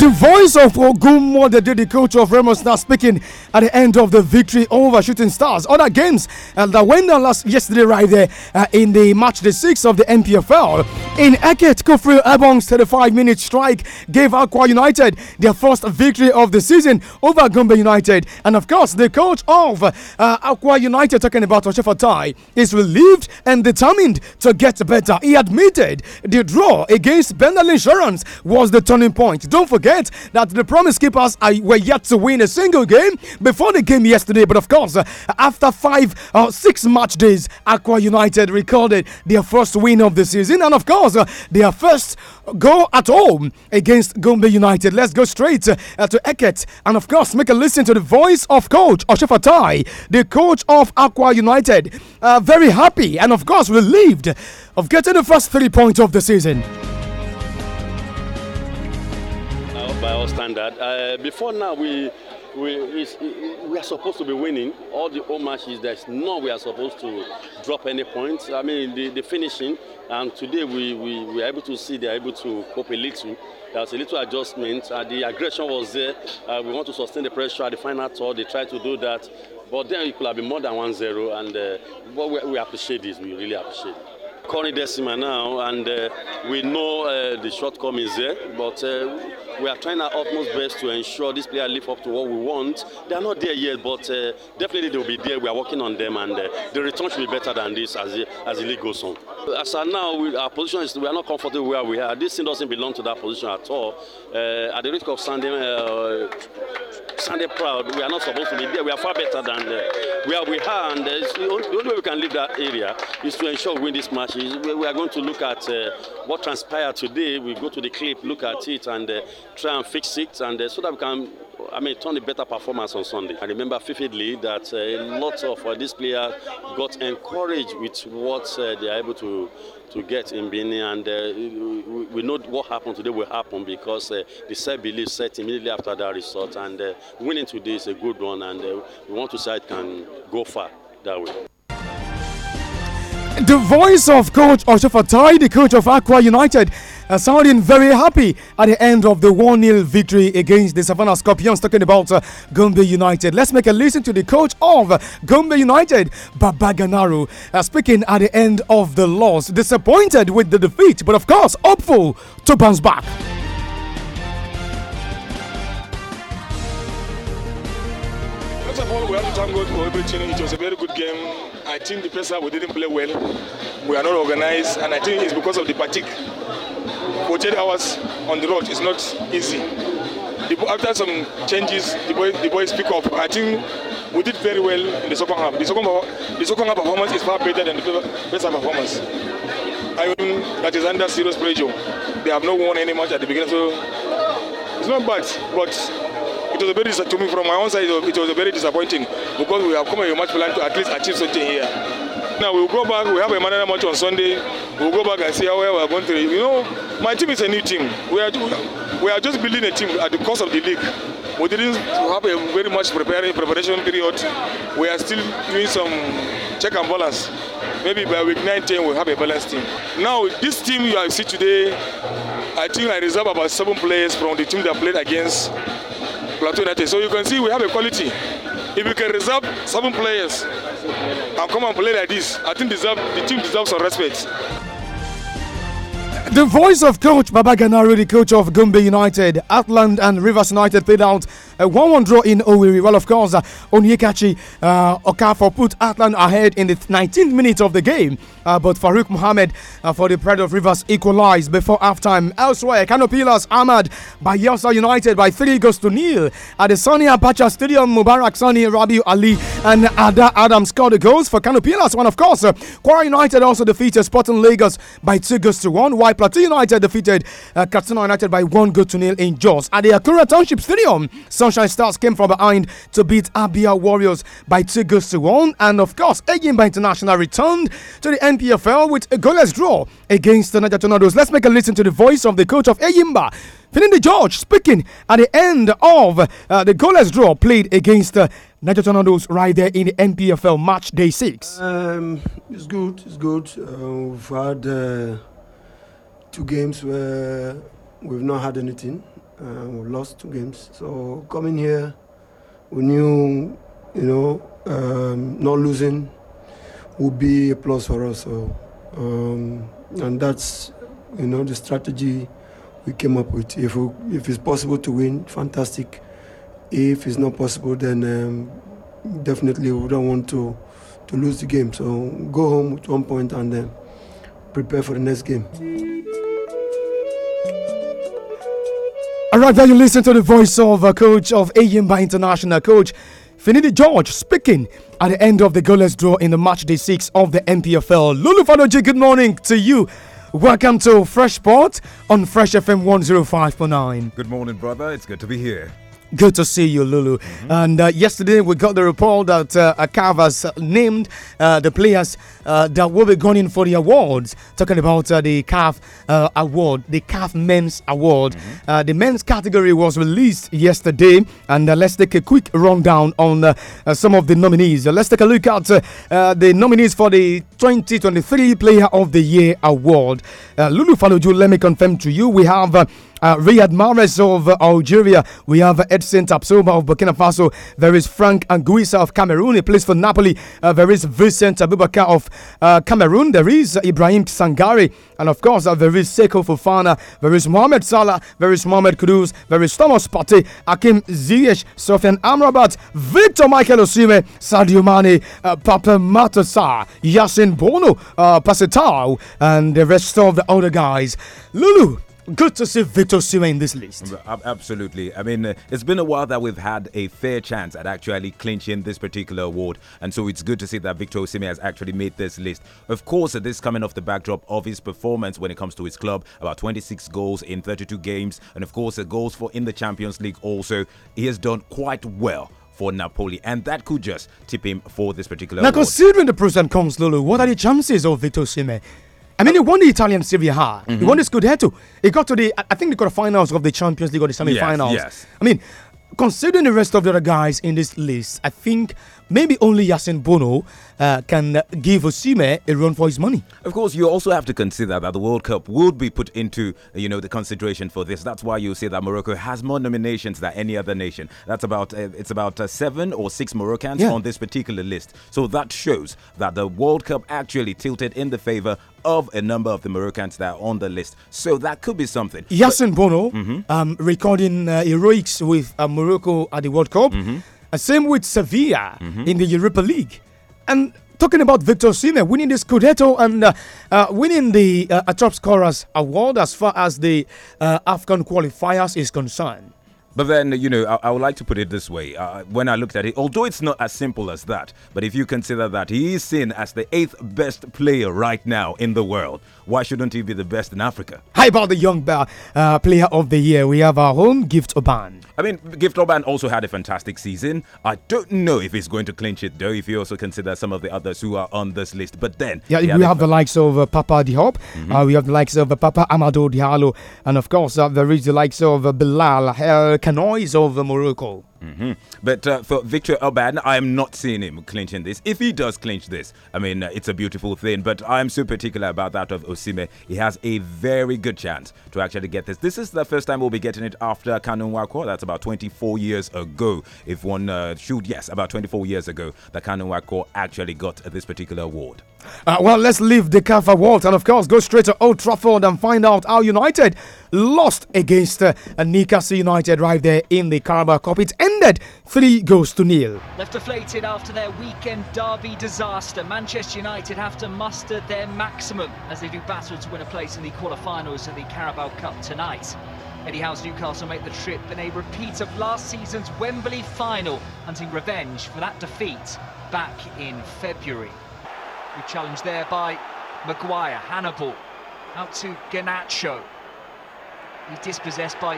The voice of Ogumo, the daily coach of Ramos, now speaking at the end of the victory over Shooting Stars. Other games uh, that went down last yesterday, right there uh, in the match, the six of the MPFL. In Eket, Kofri Ebong's 35 minute strike gave Aqua United their first victory of the season over Gombe United. And of course, the coach of uh, Aqua United, talking about Oshifa Tai, is relieved and determined to get better. He admitted the draw against Bendel Insurance was the turning point. Don't forget forget that the Promise Keepers are, were yet to win a single game before the game yesterday. But of course, uh, after five or six match days, Aqua United recorded their first win of the season. And of course, uh, their first go at home against Gombe United. Let's go straight uh, to Eket and, of course, make a listen to the voice of coach Oshifatai, the coach of Aqua United. Uh, very happy and, of course, relieved of getting the first three points of the season. standard. Uh, before now, we we, we are supposed to be winning all the home matches. There's no we are supposed to drop any points. I mean, the, the finishing, and today we, we were able to see they are able to cope a little. There was a little adjustment. Uh, the aggression was there. Uh, we want to sustain the pressure at the final tour. They tried to do that. But then it could have been more than 1 0. And uh, but we, we appreciate this. We really appreciate it. Connie Decima now, and uh, we know uh, the shortcomings there, but uh, we are trying our utmost best to ensure this player live up to what we want. They are not there yet, but uh, definitely they will be there. We are working on them, and uh, the return should be better than this as the, as the league goes on. As of now, we, our position is we are not comfortable where we are. This thing doesn't belong to that position at all uh, at the risk of sounding uh, sounding proud, we are not supposed to be there. We are far better than uh, eh, where we are, and uh, the only way we can leave that area is to ensure we win this match. We are going to look at uh, what transpired today. We go to the clip, look at it, and uh, try and fix it, and uh, so that we can I mean, turn a better performance on Sunday. I remember vividly that uh, a lot of uh, these players got encouraged with what uh, they are able to to get in Benin. And uh, we know what happened today will happen because uh, the set belief set immediately after that result. And uh, winning today is a good one, and uh, we want to say it can go far that way. The voice of Coach Oshofatai, the coach of Aqua United, uh, sounding very happy at the end of the 1 0 victory against the Savannah Scorpions, talking about uh, Gombe United. Let's make a listen to the coach of uh, Gombe United, Babaganaru, uh, speaking at the end of the loss. Disappointed with the defeat, but of course, hopeful to bounce back. all, we have to thank God for everything. It was a very good game. I think the pressure, we didn't play well. We are not organized, and I think it's because of the fatigue. 48 hours on the road is not easy. The, after some changes, the, boy, the boys pick up. I think we did very well in the second half. The second, the second half performance is far better than the first half performance. I mean, that is under serious pressure. They have not won any match at the beginning, so it's not bad. But it was very from my own side. It was, very disappointing because we have come here a plan to at least achieve something here. Now we'll go back. We have another match on Sunday. We'll go back and see how we're going to. You know, my team is a new team. We are we are just building a team at the cost of the league. We didn't have a very much preparing preparation period. We are still doing some check and balance. Maybe by week 19 we'll have a balanced team. Now this team you have seen today, I think I reserve about seven players from the team that played against Plateau United. So you can see we have a quality. If you can reserve seven players and come and play like this, I think deserve, the team deserves some respect. The voice of coach Baba the coach of Gumbi United, Atland and Rivers United played out 1-1 draw in Owiri. Well, of course, uh, Onyekachi uh, Okafor put Atlan ahead in the 19th minute of the game, uh, but Farouk Mohamed uh, for the Pride of Rivers equalized before halftime. Elsewhere, Canopilas Ahmad by Yelsa United by three goals to nil at the Sonny Abacha Stadium. Mubarak Sonny, Rabiu Ali, and Ada Adams scored the goals for Canopilas. One, of course, uh, United also defeated Sporting Lagos by two goals to one, while Plateau United defeated uh, Katsina United by one goal to nil in Jaws at the Akura Township Stadium. Son Sunshine Stars came from behind to beat Abia Warriors by 2 goals to 1. And of course, Egimba International returned to the NPFL with a goalless draw against the Niger Tornadoes. Let's make a listen to the voice of the coach of Egimba. Finindi George speaking at the end of uh, the goalless draw played against uh, Niger Tornadoes right there in the NPFL match day six. Um, it's good, it's good. Uh, we've had uh, two games where we've not had anything uh, we lost two games. So coming here, we knew, you know, um, not losing would be a plus for us. So, um, and that's, you know, the strategy we came up with. If we, if it's possible to win, fantastic. If it's not possible, then um, definitely we don't want to to lose the game. So go home with one point and then prepare for the next game. All right, there you listen to the voice of uh, coach of by International, coach Finidi George, speaking at the end of the goalless draw in the match day six of the MPFL. Lulu good morning to you. Welcome to Fresh Sport on Fresh FM 105.9. Good morning, brother. It's good to be here. Good to see you, Lulu. Mm -hmm. And uh, yesterday we got the report that uh, has named uh, the players uh, that will be going in for the awards. Talking about uh, the CAF uh, award, the CAF Men's Award. Mm -hmm. the men's category was released yesterday, and let's take a quick rundown on some of the nominees. let's take a look at the nominees for the 2023 Player of the Year Award. Lulu Faluju, let me confirm to you, we have uh, Riyad Mahrez of uh, Algeria. We have uh, Edson Tapsoba of Burkina Faso. There is Frank Anguissa of Cameroon. He plays for Napoli. Uh, there is Vincent Abubakar of uh, Cameroon. There is Ibrahim Sangari. And of course, uh, there is Seko Fofana. There is Mohamed Salah. There is Mohamed Kudus. There is Thomas Partey. Akim Ziyech. Sofian Amrabat. Victor Michael Osime. Sadio Mane. Uh, Papa Matasar. Yasin Bono. Uh, Pasitao. And the rest of the other guys. Lulu good to see Victor Sima in this list. Absolutely. I mean, uh, it's been a while that we've had a fair chance at actually clinching this particular award, and so it's good to see that Victor Sima has actually made this list. Of course, this coming off the backdrop of his performance when it comes to his club, about 26 goals in 32 games, and of course, the goals for in the Champions League also. He has done quite well for Napoli, and that could just tip him for this particular. Now, award. considering the pros and cons, Lulu, what are the chances of Victor Sime I mean, he won the Italian Serie A. Mm -hmm. He won the Scudetto. He got to the, I think they got the finals of the Champions League or the semi-finals. Yes, yes. I mean, considering the rest of the other guys in this list, I think maybe only Yasin Bono uh, can give Osime a run for his money. Of course, you also have to consider that the World Cup would be put into you know the consideration for this. That's why you see that Morocco has more nominations than any other nation. That's about uh, it's about uh, seven or six Moroccans yeah. on this particular list. So that shows that the World Cup actually tilted in the favor of a number of the Moroccans that are on the list. So that could be something. Yasin Bono mm -hmm. um, recording uh, heroics with uh, Morocco at the World Cup. Mm -hmm same with Sevilla mm -hmm. in the Europa League. And talking about Victor Sime winning the Scudetto and uh, uh, winning the uh, top scorers award as far as the uh, Afghan qualifiers is concerned. But then, you know, I, I, would like to put it this way. Uh, when I looked at it, although it's not as simple as that, but if you consider that he is seen as the eighth best player right now in the world, why shouldn't he be the best in Africa? How about the young uh, uh player of the year? We have our own Gift Oban. I mean, Gift Oban also had a fantastic season. I don't know if he's going to clinch it though, if you also consider some of the others who are on this list. But then, yeah, uh, mm-hmm. uh, we have the likes of uh, Papa Diop, mm -hmm. uh, we have the likes of Papa Amadou Diallo, and of course, there is the likes of Bilal El Kanois of Morocco. Mm-hmm. But uh, for Victor Orban, I am not seeing him clinching this. If he does clinch this, I mean, uh, it's a beautiful thing. But I'm so particular about that of Osime. He has a very good chance to actually get this. This is the first time we'll be getting it after Canon Wako. That's about 24 years ago. If one uh, should, yes, about 24 years ago, the Canon Wako actually got this particular award. Uh, well, let's leave the Kafa World and, of course, go straight to Old Trafford and find out how United lost against uh, Newcastle United right there in the Carabao Cup. It ended three goals to nil. Left deflated after their weekend derby disaster, Manchester United have to muster their maximum as they do battle to win a place in the quarter-finals of the Carabao Cup tonight. Eddie Howe's Newcastle make the trip in a repeat of last season's Wembley final, hunting revenge for that defeat back in February. Good challenge there by Maguire. Hannibal out to Ganacho. He's dispossessed by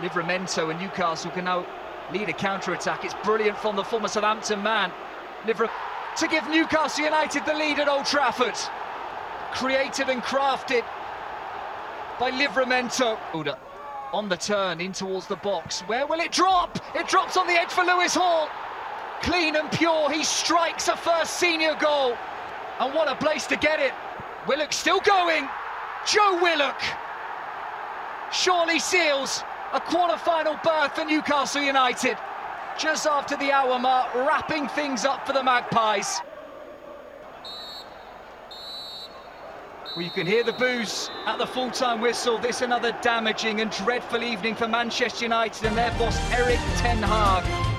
Livramento, and Newcastle can now lead a counter attack. It's brilliant from the former Southampton man. Livra to give Newcastle United the lead at Old Trafford. Created and crafted by Livramento. On the turn in towards the box. Where will it drop? It drops on the edge for Lewis Hall. Clean and pure, he strikes a first senior goal. And what a place to get it. Willock still going. Joe Willock surely seals a quarter-final berth for Newcastle United. Just after the hour mark, wrapping things up for the Magpies. Well, you can hear the boos at the full-time whistle. This another damaging and dreadful evening for Manchester United and their boss Eric Ten Hag.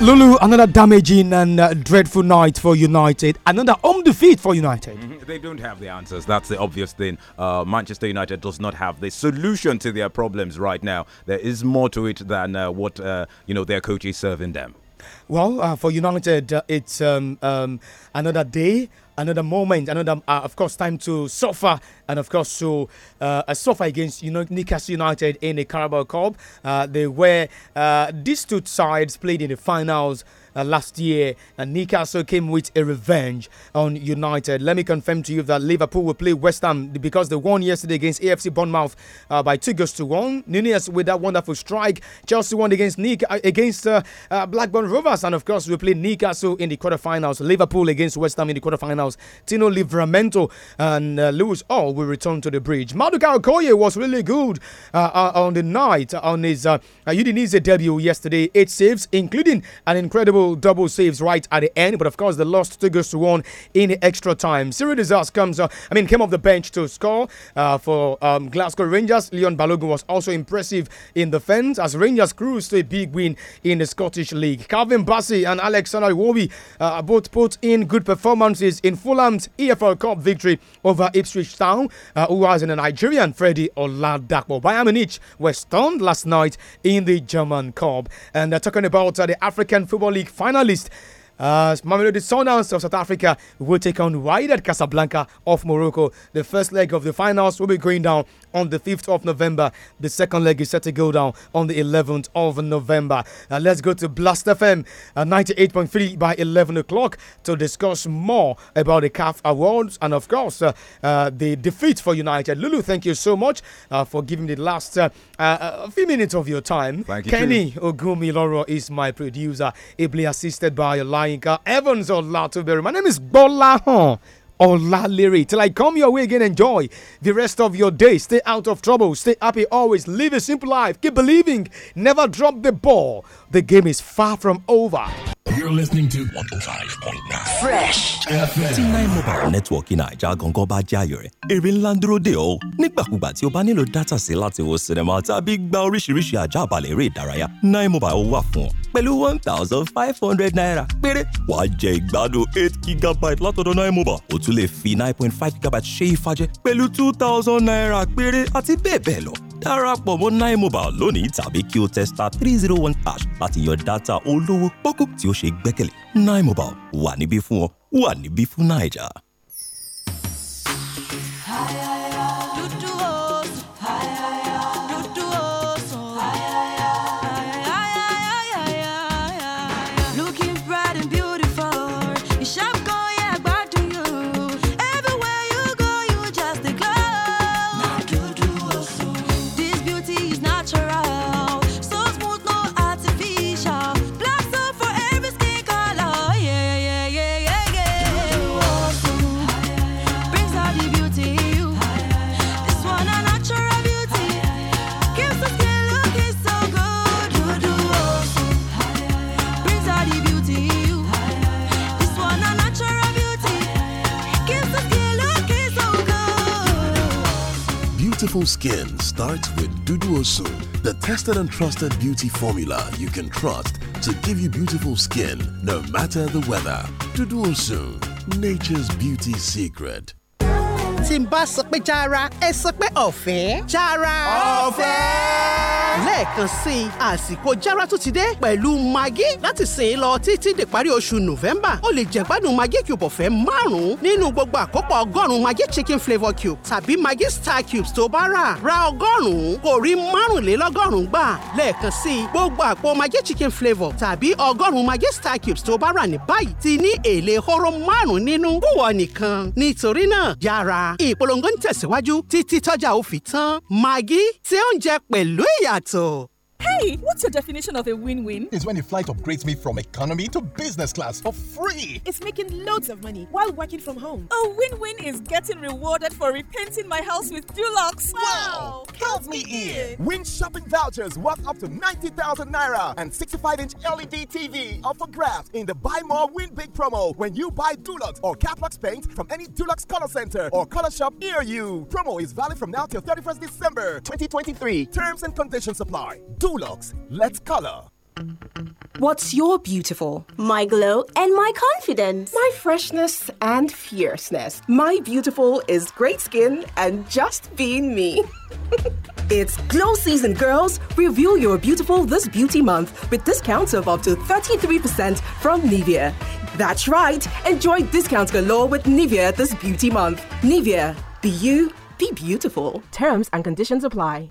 Lulu, another damaging and uh, dreadful night for United. Another home defeat for United. Mm -hmm. They don't have the answers. That's the obvious thing. Uh, Manchester United does not have the solution to their problems right now. There is more to it than uh, what uh, you know their coach is serving them. Well, uh, for United, it's um, um, another day another moment, another, uh, of course, time to suffer and, of course, to uh, uh suffer against you know, Newcastle United in the Carabao Cup. Uh, they were, uh, these two sides played in the finals uh, last year. And Newcastle came with a revenge on United. Let me confirm to you that Liverpool will play West Ham because they won yesterday against AFC Bournemouth uh, by two goals to one. Nunez with that wonderful strike. Chelsea won against Nick uh, against uh, uh, Blackburn Rovers, and of course we play Newcastle in the quarterfinals. Liverpool against West Ham in the quarterfinals. Tino Livramento and uh, Lewis All will return to the bridge. Maduka Okoye was really good on the night on his uh, Udinese debut yesterday. Eight saves, including an incredible double saves right at the end, but of course they lost two goals to one in extra time. Cyril Desas comes, uh, I mean, came off the bench to score uh, for um, Glasgow Rangers. Leon Balogun was also impressive in defence as Rangers cruised to a big win in the Scottish League. Calvin Bassey and Alexander Iwobi uh, both put in good performances in Fulham's EFL Cup victory over Ipswich Town, uh, who was in a Nigerian Freddie Oladapo. Bayern Munich were stunned last night in the German Cup. And uh, talking about uh, the African Football League Finalists, Uh, Mamelodi Sundowns of South Africa will take on Wydad Casablanca of Morocco. The first leg of the finals will be going down on the 5th of November. The second leg is set to go down on the 11th of November. Uh, let's go to Blast FM uh, 98.3 by 11 o'clock to discuss more about the CAF Awards and, of course, uh, uh, the defeat for United. Lulu, thank you so much uh, for giving the last uh, few minutes of your time. Thank you. Kenny too. Ogumi Loro is my producer, ably assisted by Lainka Evans Olatuberry. My name is Bolahon. Olalere. Till I come your way again, enjoy the rest of your day. Stay out of trouble. Stay happy always. Live a simple life. Keep believing. Never drop the ball. The game is far from over. You're listening to 105.9 Fresh FM. mobile network In gangan bá jẹ́ ayọ̀ rẹ̀ èrè ńlá ń dúró dé o tí o nílò dátà sí láti wo ta big gba oríṣiríṣi àjàbalẹ̀ eré daraya nine mobile wà fún ọ pẹ̀lú one thousand five hundred naira péré wàá jẹ ìgbádùn eight gigabyte látọ̀dọ̀ nine mobile tún lè fi nine point five gigabyte ṣe ìfàjẹ pẹ̀lú two thousand naira péré àti bẹ́ẹ̀ bẹ́ẹ̀ lọ darapọ̀ mọ́ nine mobile lónìí tàbí kí o tẹ star three zero one hash láti yan data olówó pọ́kú tí ó ṣe gbẹ́kẹ̀lé nine mobile wà níbí fún ọ wà níbí fún naija. Beautiful skin starts with Duduoso, the tested and trusted beauty formula you can trust to give you beautiful skin no matter the weather. Duduoso, nature's beauty secret. tí n bá jara ọ̀fẹ́ jara ọ̀fẹ́. lẹ́ẹ̀kan sí i àsìkò jára tún ti dé pẹ̀lú magi láti sìn lọ títí dèparí oṣù november o lè jẹ̀gbádùn magi cube ọ̀fẹ́ márùn-ún nínú gbogbo àkópọ̀ ọgọ́rùn-ún magi chicken flavour cube tàbí magi star cubes tó bá rà ra ọgọ́rùn-ún kò rí márùnlélọ́gọ́rùn-ún gbà lẹ́ẹ̀kan sí i gbogbo àpò magi chicken flavour tàbí ọgọ́rùn-ún magi star cubes tó bá rà ní báyìí ti ní èlé hóró márùn-ún nínú kúwọ̀ nìkan nítorí náà yára ìpolongo ń tẹ̀síwájú títí tọ́jà ó fi tán magi tí oúnjẹ Fatso. Hey, what's your definition of a win win? Is when a flight upgrades me from economy to business class for free. It's making loads of money while working from home. A win win is getting rewarded for repainting my house with Dulux. Wow! wow. Count me in. in. Win shopping vouchers worth up to 90,000 naira and 65 inch LED TV up for grabs in the Buy More Win Big promo when you buy Dulux or Caplux paint from any Dulux color center or color shop near you. Promo is valid from now till 31st December 2023. Terms and conditions apply. Dulux Let's color. What's your beautiful? My glow and my confidence. My freshness and fierceness. My beautiful is great skin and just being me. it's glow season, girls. Review your beautiful this beauty month with discounts of up to 33% from Nivea. That's right. Enjoy discounts galore with Nivea this beauty month. Nivea, be you, be beautiful. Terms and conditions apply.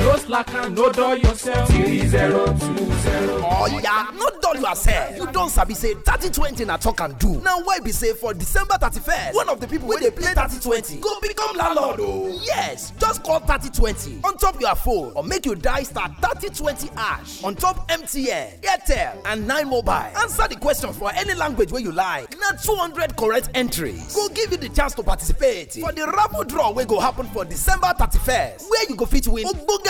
No slack and no dull yourself. Three zero two zero. Oh yeah, no dull yourself. You don sabi say thirty twenty na talk and do. Now why be say for December thirty first, one of the people wey dey play thirty twenty go become landlord o. Oh. Yes, just call thirty twenty on top your phone or make you die star thirty twenty ash on top MTN, Airtel and Nine Mobile. Answer the question for any language wey you like. Na two hundred correct entries go give you the chance to participate for the raffle draw wey go happen for December thirty first, where you go fit win ogbonge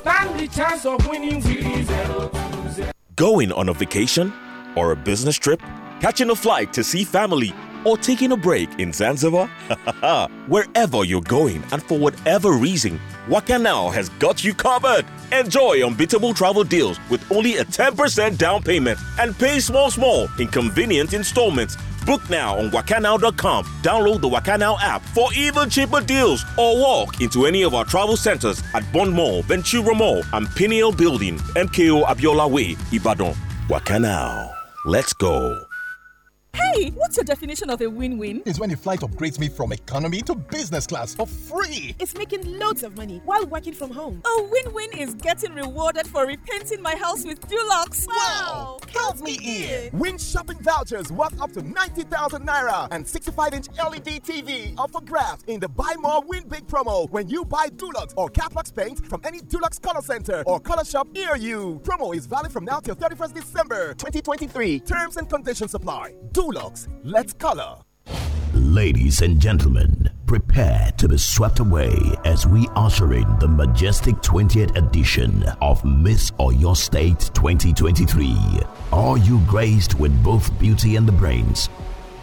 stand the chance of winning 3-0. Going on a vacation or a business trip, catching a flight to see family, or taking a break in Zanzibar? Wherever you're going and for whatever reason, Waka Now has got you covered. Enjoy unbeatable travel deals with only a 10% down payment and pay small, small in convenient installments Book now on wakanow.com. Download the Wakanow app for even cheaper deals or walk into any of our travel centers at Bond Mall, Ventura Mall, and Pineal Building, MKO Abiola Way, Ibadan. Wakanow. Let's go. Hey, what's your definition of a win-win? Is when a flight upgrades me from economy to business class for free. It's making loads of money while working from home. A win-win is getting rewarded for repainting my house with Dulux. Wow! Count me in. Win shopping vouchers worth up to 90,000 naira and 65-inch LED TV up for grabs in the Buy More Win Big promo when you buy Dulux or Caplux paint from any Dulux color center or color shop near you. Promo is valid from now till 31st December 2023. Terms and conditions apply. Let's color. Ladies and gentlemen, prepare to be swept away as we usher in the majestic 20th edition of Miss or Your State 2023. Are you graced with both beauty and the brains?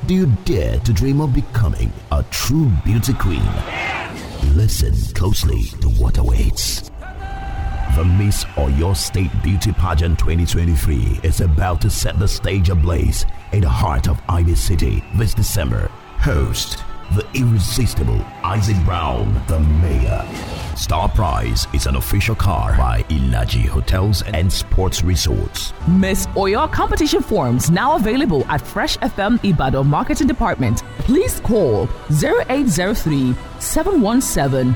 Do you dare to dream of becoming a true beauty queen? Listen closely to what awaits. The Miss or Your State Beauty Pageant 2023 is about to set the stage ablaze in the heart of Ivy City this December. Host the irresistible Isaac Brown, the mayor. Star Prize is an official car by Ilaji Hotels and Sports Resorts. Miss Oyo competition forms now available at Fresh FM Ibado Marketing Department. Please call 0803 717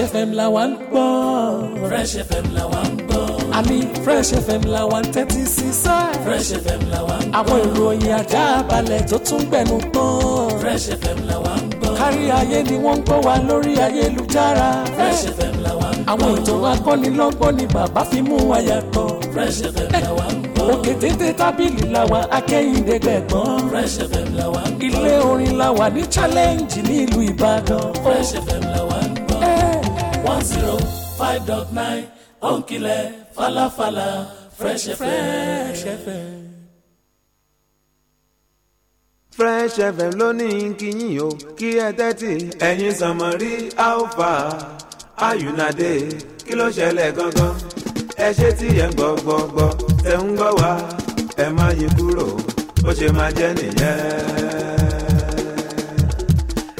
fresh fm la wa ń gbọ́. fresh fm la wa ń gbọ́. àní fresh fm la wa ń tẹ́tí sí sá. fresh fm la wa ń gbọ́. àwọn ìròyìn ajá balẹ̀ tó tún gbẹnu gbọ́n. fresh fm la wa ń gbọ́. kárí ayé ni wọ́n ń gbọ́ wa lórí ayélujára. fresh fm la wa ń gbọ́. àwọn ìtàn akọ́nilọ́gbọ́n ni bàbá fi mú wa yàtọ̀. fresh fm la wa ń gbọ́ òkè téńté tábìlì làwà akẹ́yìndé gbẹ̀gbọ́n. fresh fm làwà ń gbọ́. ilé orin làwà ní challenge ní ìlú ìbàdàn. fresh fm one zero five dot nine ònkìlẹ̀ falafala fresh fm. fresh fm lónìí kìyìn o kí ẹ tẹ́tì ẹ̀yin sànmọ́rí alpha ayùnádé kí ló ṣẹlẹ̀ gangan ẹ ṣe tí ẹ ń gbọ́ gbọ́ gbọ́ ẹ ń gbọ́ wá ẹ má yí kúrò bó ṣe máa jẹ́ nìyẹn.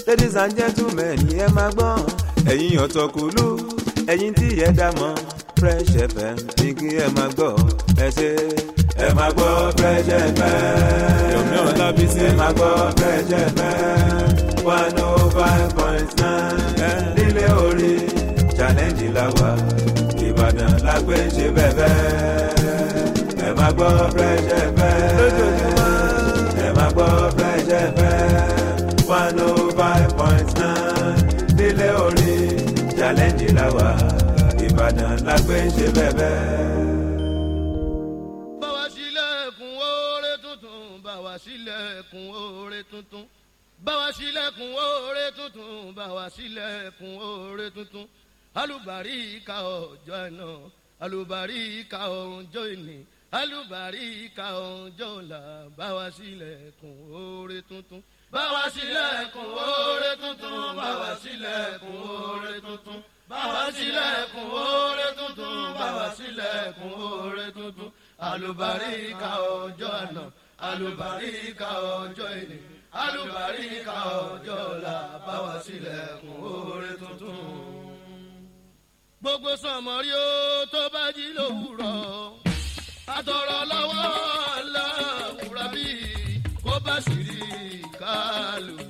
ladies and gentlemen ẹ máa gbọ́n ẹ̀yin ọ̀tọ̀kùlú ẹ̀yin tí ẹ dá mọ̀ Fresh FM ní kí ẹ máa gbọ́ ẹ ṣe. ẹ máa gbọ́ Fresh FM yomi ọlábísí ẹ máa gbọ́ Fresh FM one oh five point nine nílé orí challenge la wà Ìbàdàn la gbé ṣe bẹ́ẹ̀ ẹ máa gbọ́ Fresh FM lójoojúmọ́ ẹ máa gbọ́ Fresh FM one oh. challenge la wa ìbàdàn la gbé ń ṣe bẹ́ẹ̀ báwa ṣílẹ̀kùn oore tuntun báwa ṣílẹ̀kùn oore tuntun báwa ṣílẹ̀kùn oore tuntun báwa ṣílẹ̀kùn oore ọjọ́ àná alùbáríkà ọjọ́ ọjọ́ ọ̀la báwa ṣílẹ̀kùn oore tuntun báwa sílẹ̀kùn oore tuntun báwa sílẹ̀kùn oore tuntun báwa sílẹ̀kùn oore tuntun báwa sílẹ̀kùn oore tuntun àlùbáríkà ọjọ́ àná àlùbáríkà ọjọ́ èdè àlùbáríkà ọjọ́ ọ̀la báwa sílẹ̀kùn oore tuntun. gbogbo sọmọ o tó bá jí lówùrọ̀ àtọ̀rọ̀ lọ́wọ́. Alu.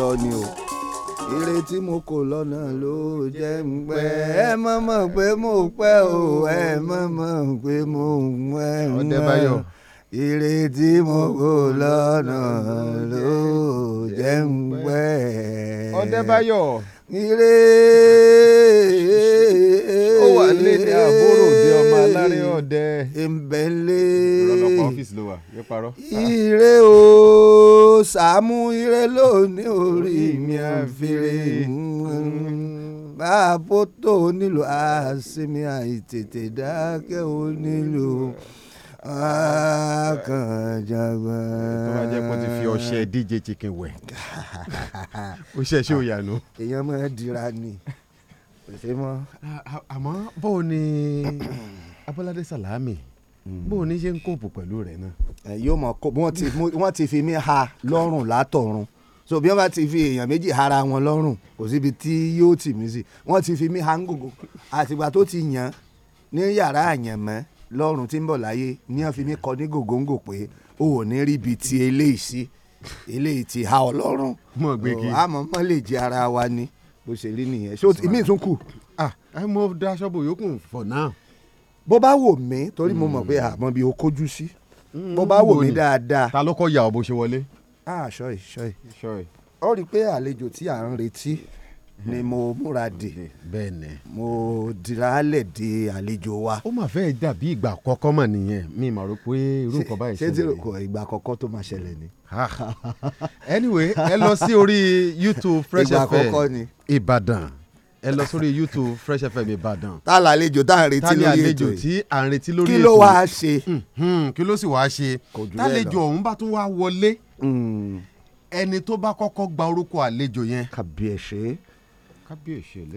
lọ ni o ire tí mo kò lọ́nà ló jẹ́ ń pẹ́ ẹ mọ̀mọ́ pé mo pẹ́ o ẹ mọ̀mọ́ tètè dákẹ́ ó nílò akànjàgbà. tó bá jẹ́ kó ti fi ọṣẹ díje chicken wẹ̀ ó ṣẹ̀ṣẹ̀ ò èèyàn máa dira ni kò ṣe mọ́. àmọ́ bó ni Abọ́ládé Sàlámì hmm. bó o ṣe ń kóòpù pẹ̀lú rẹ̀ náà. yóò mọ kó wọn ti fi mí ha lọ́rùn látọ̀run so bí wọn bá ti fi èèyàn méjì hara wọn lọ́rùn kò síbi tí yóò tì mí sí wọn ti fi mí ha ń gògò àtìgbà tó ti yàn án ní yàrá àyànmọ́ lọ́rùn tí ń bọ̀ láyé ní wọ́n fi mí kọ ní gògóńgò pé o ò ní rí ibi ti eléyìí sí eléyìí ti ha ọlọ́run mọ̀ gbégi àmọ́ mọ́ lè jẹ ara wa ni bó ṣe rí nìyẹn ṣé ìmí tún kù. ẹ mọ daṣọ yókù for now. bó bá wò mí torí mo mọ̀ pé hmm. àmọ́ bí o kójú sí hmm, bó bá wò mí dáadáa. ta ló kọ́ yà ọ bó ṣe wọlé. ah sọ́ọ̀ì sọ́ọ̀ì ó rí i pé àlejò tí à ń retí ni mo múra dè mo diraalẹ de àlejò wa. ó mà fẹ́ dàbí ìgbà àkọ́kọ́ mà nìyẹn mi mà rò pé irú nǹkan báyìí ṣẹlẹ̀ ni. ṣé tí kò ìgbà àkọ́kọ́ tó máa ṣẹlẹ̀ ni. anyway ẹ lọ sí orí youtube fresh fm ìbàdàn ẹ lọ sórí youtube fresh fm ìbàdàn. ta la àlejò tá à ń retí lórí ètò yìí ta ni àlejò tí à ń retí lórí ètò yìí kí ló wàá ṣe. Hmm, kí ló sì wàá ṣe tá àlejò ọ̀hún bá tún wá wọlé hmm. ẹni tó bá kọ́kọ́ gba orúkọ àlejò yẹn. kàbíyèsí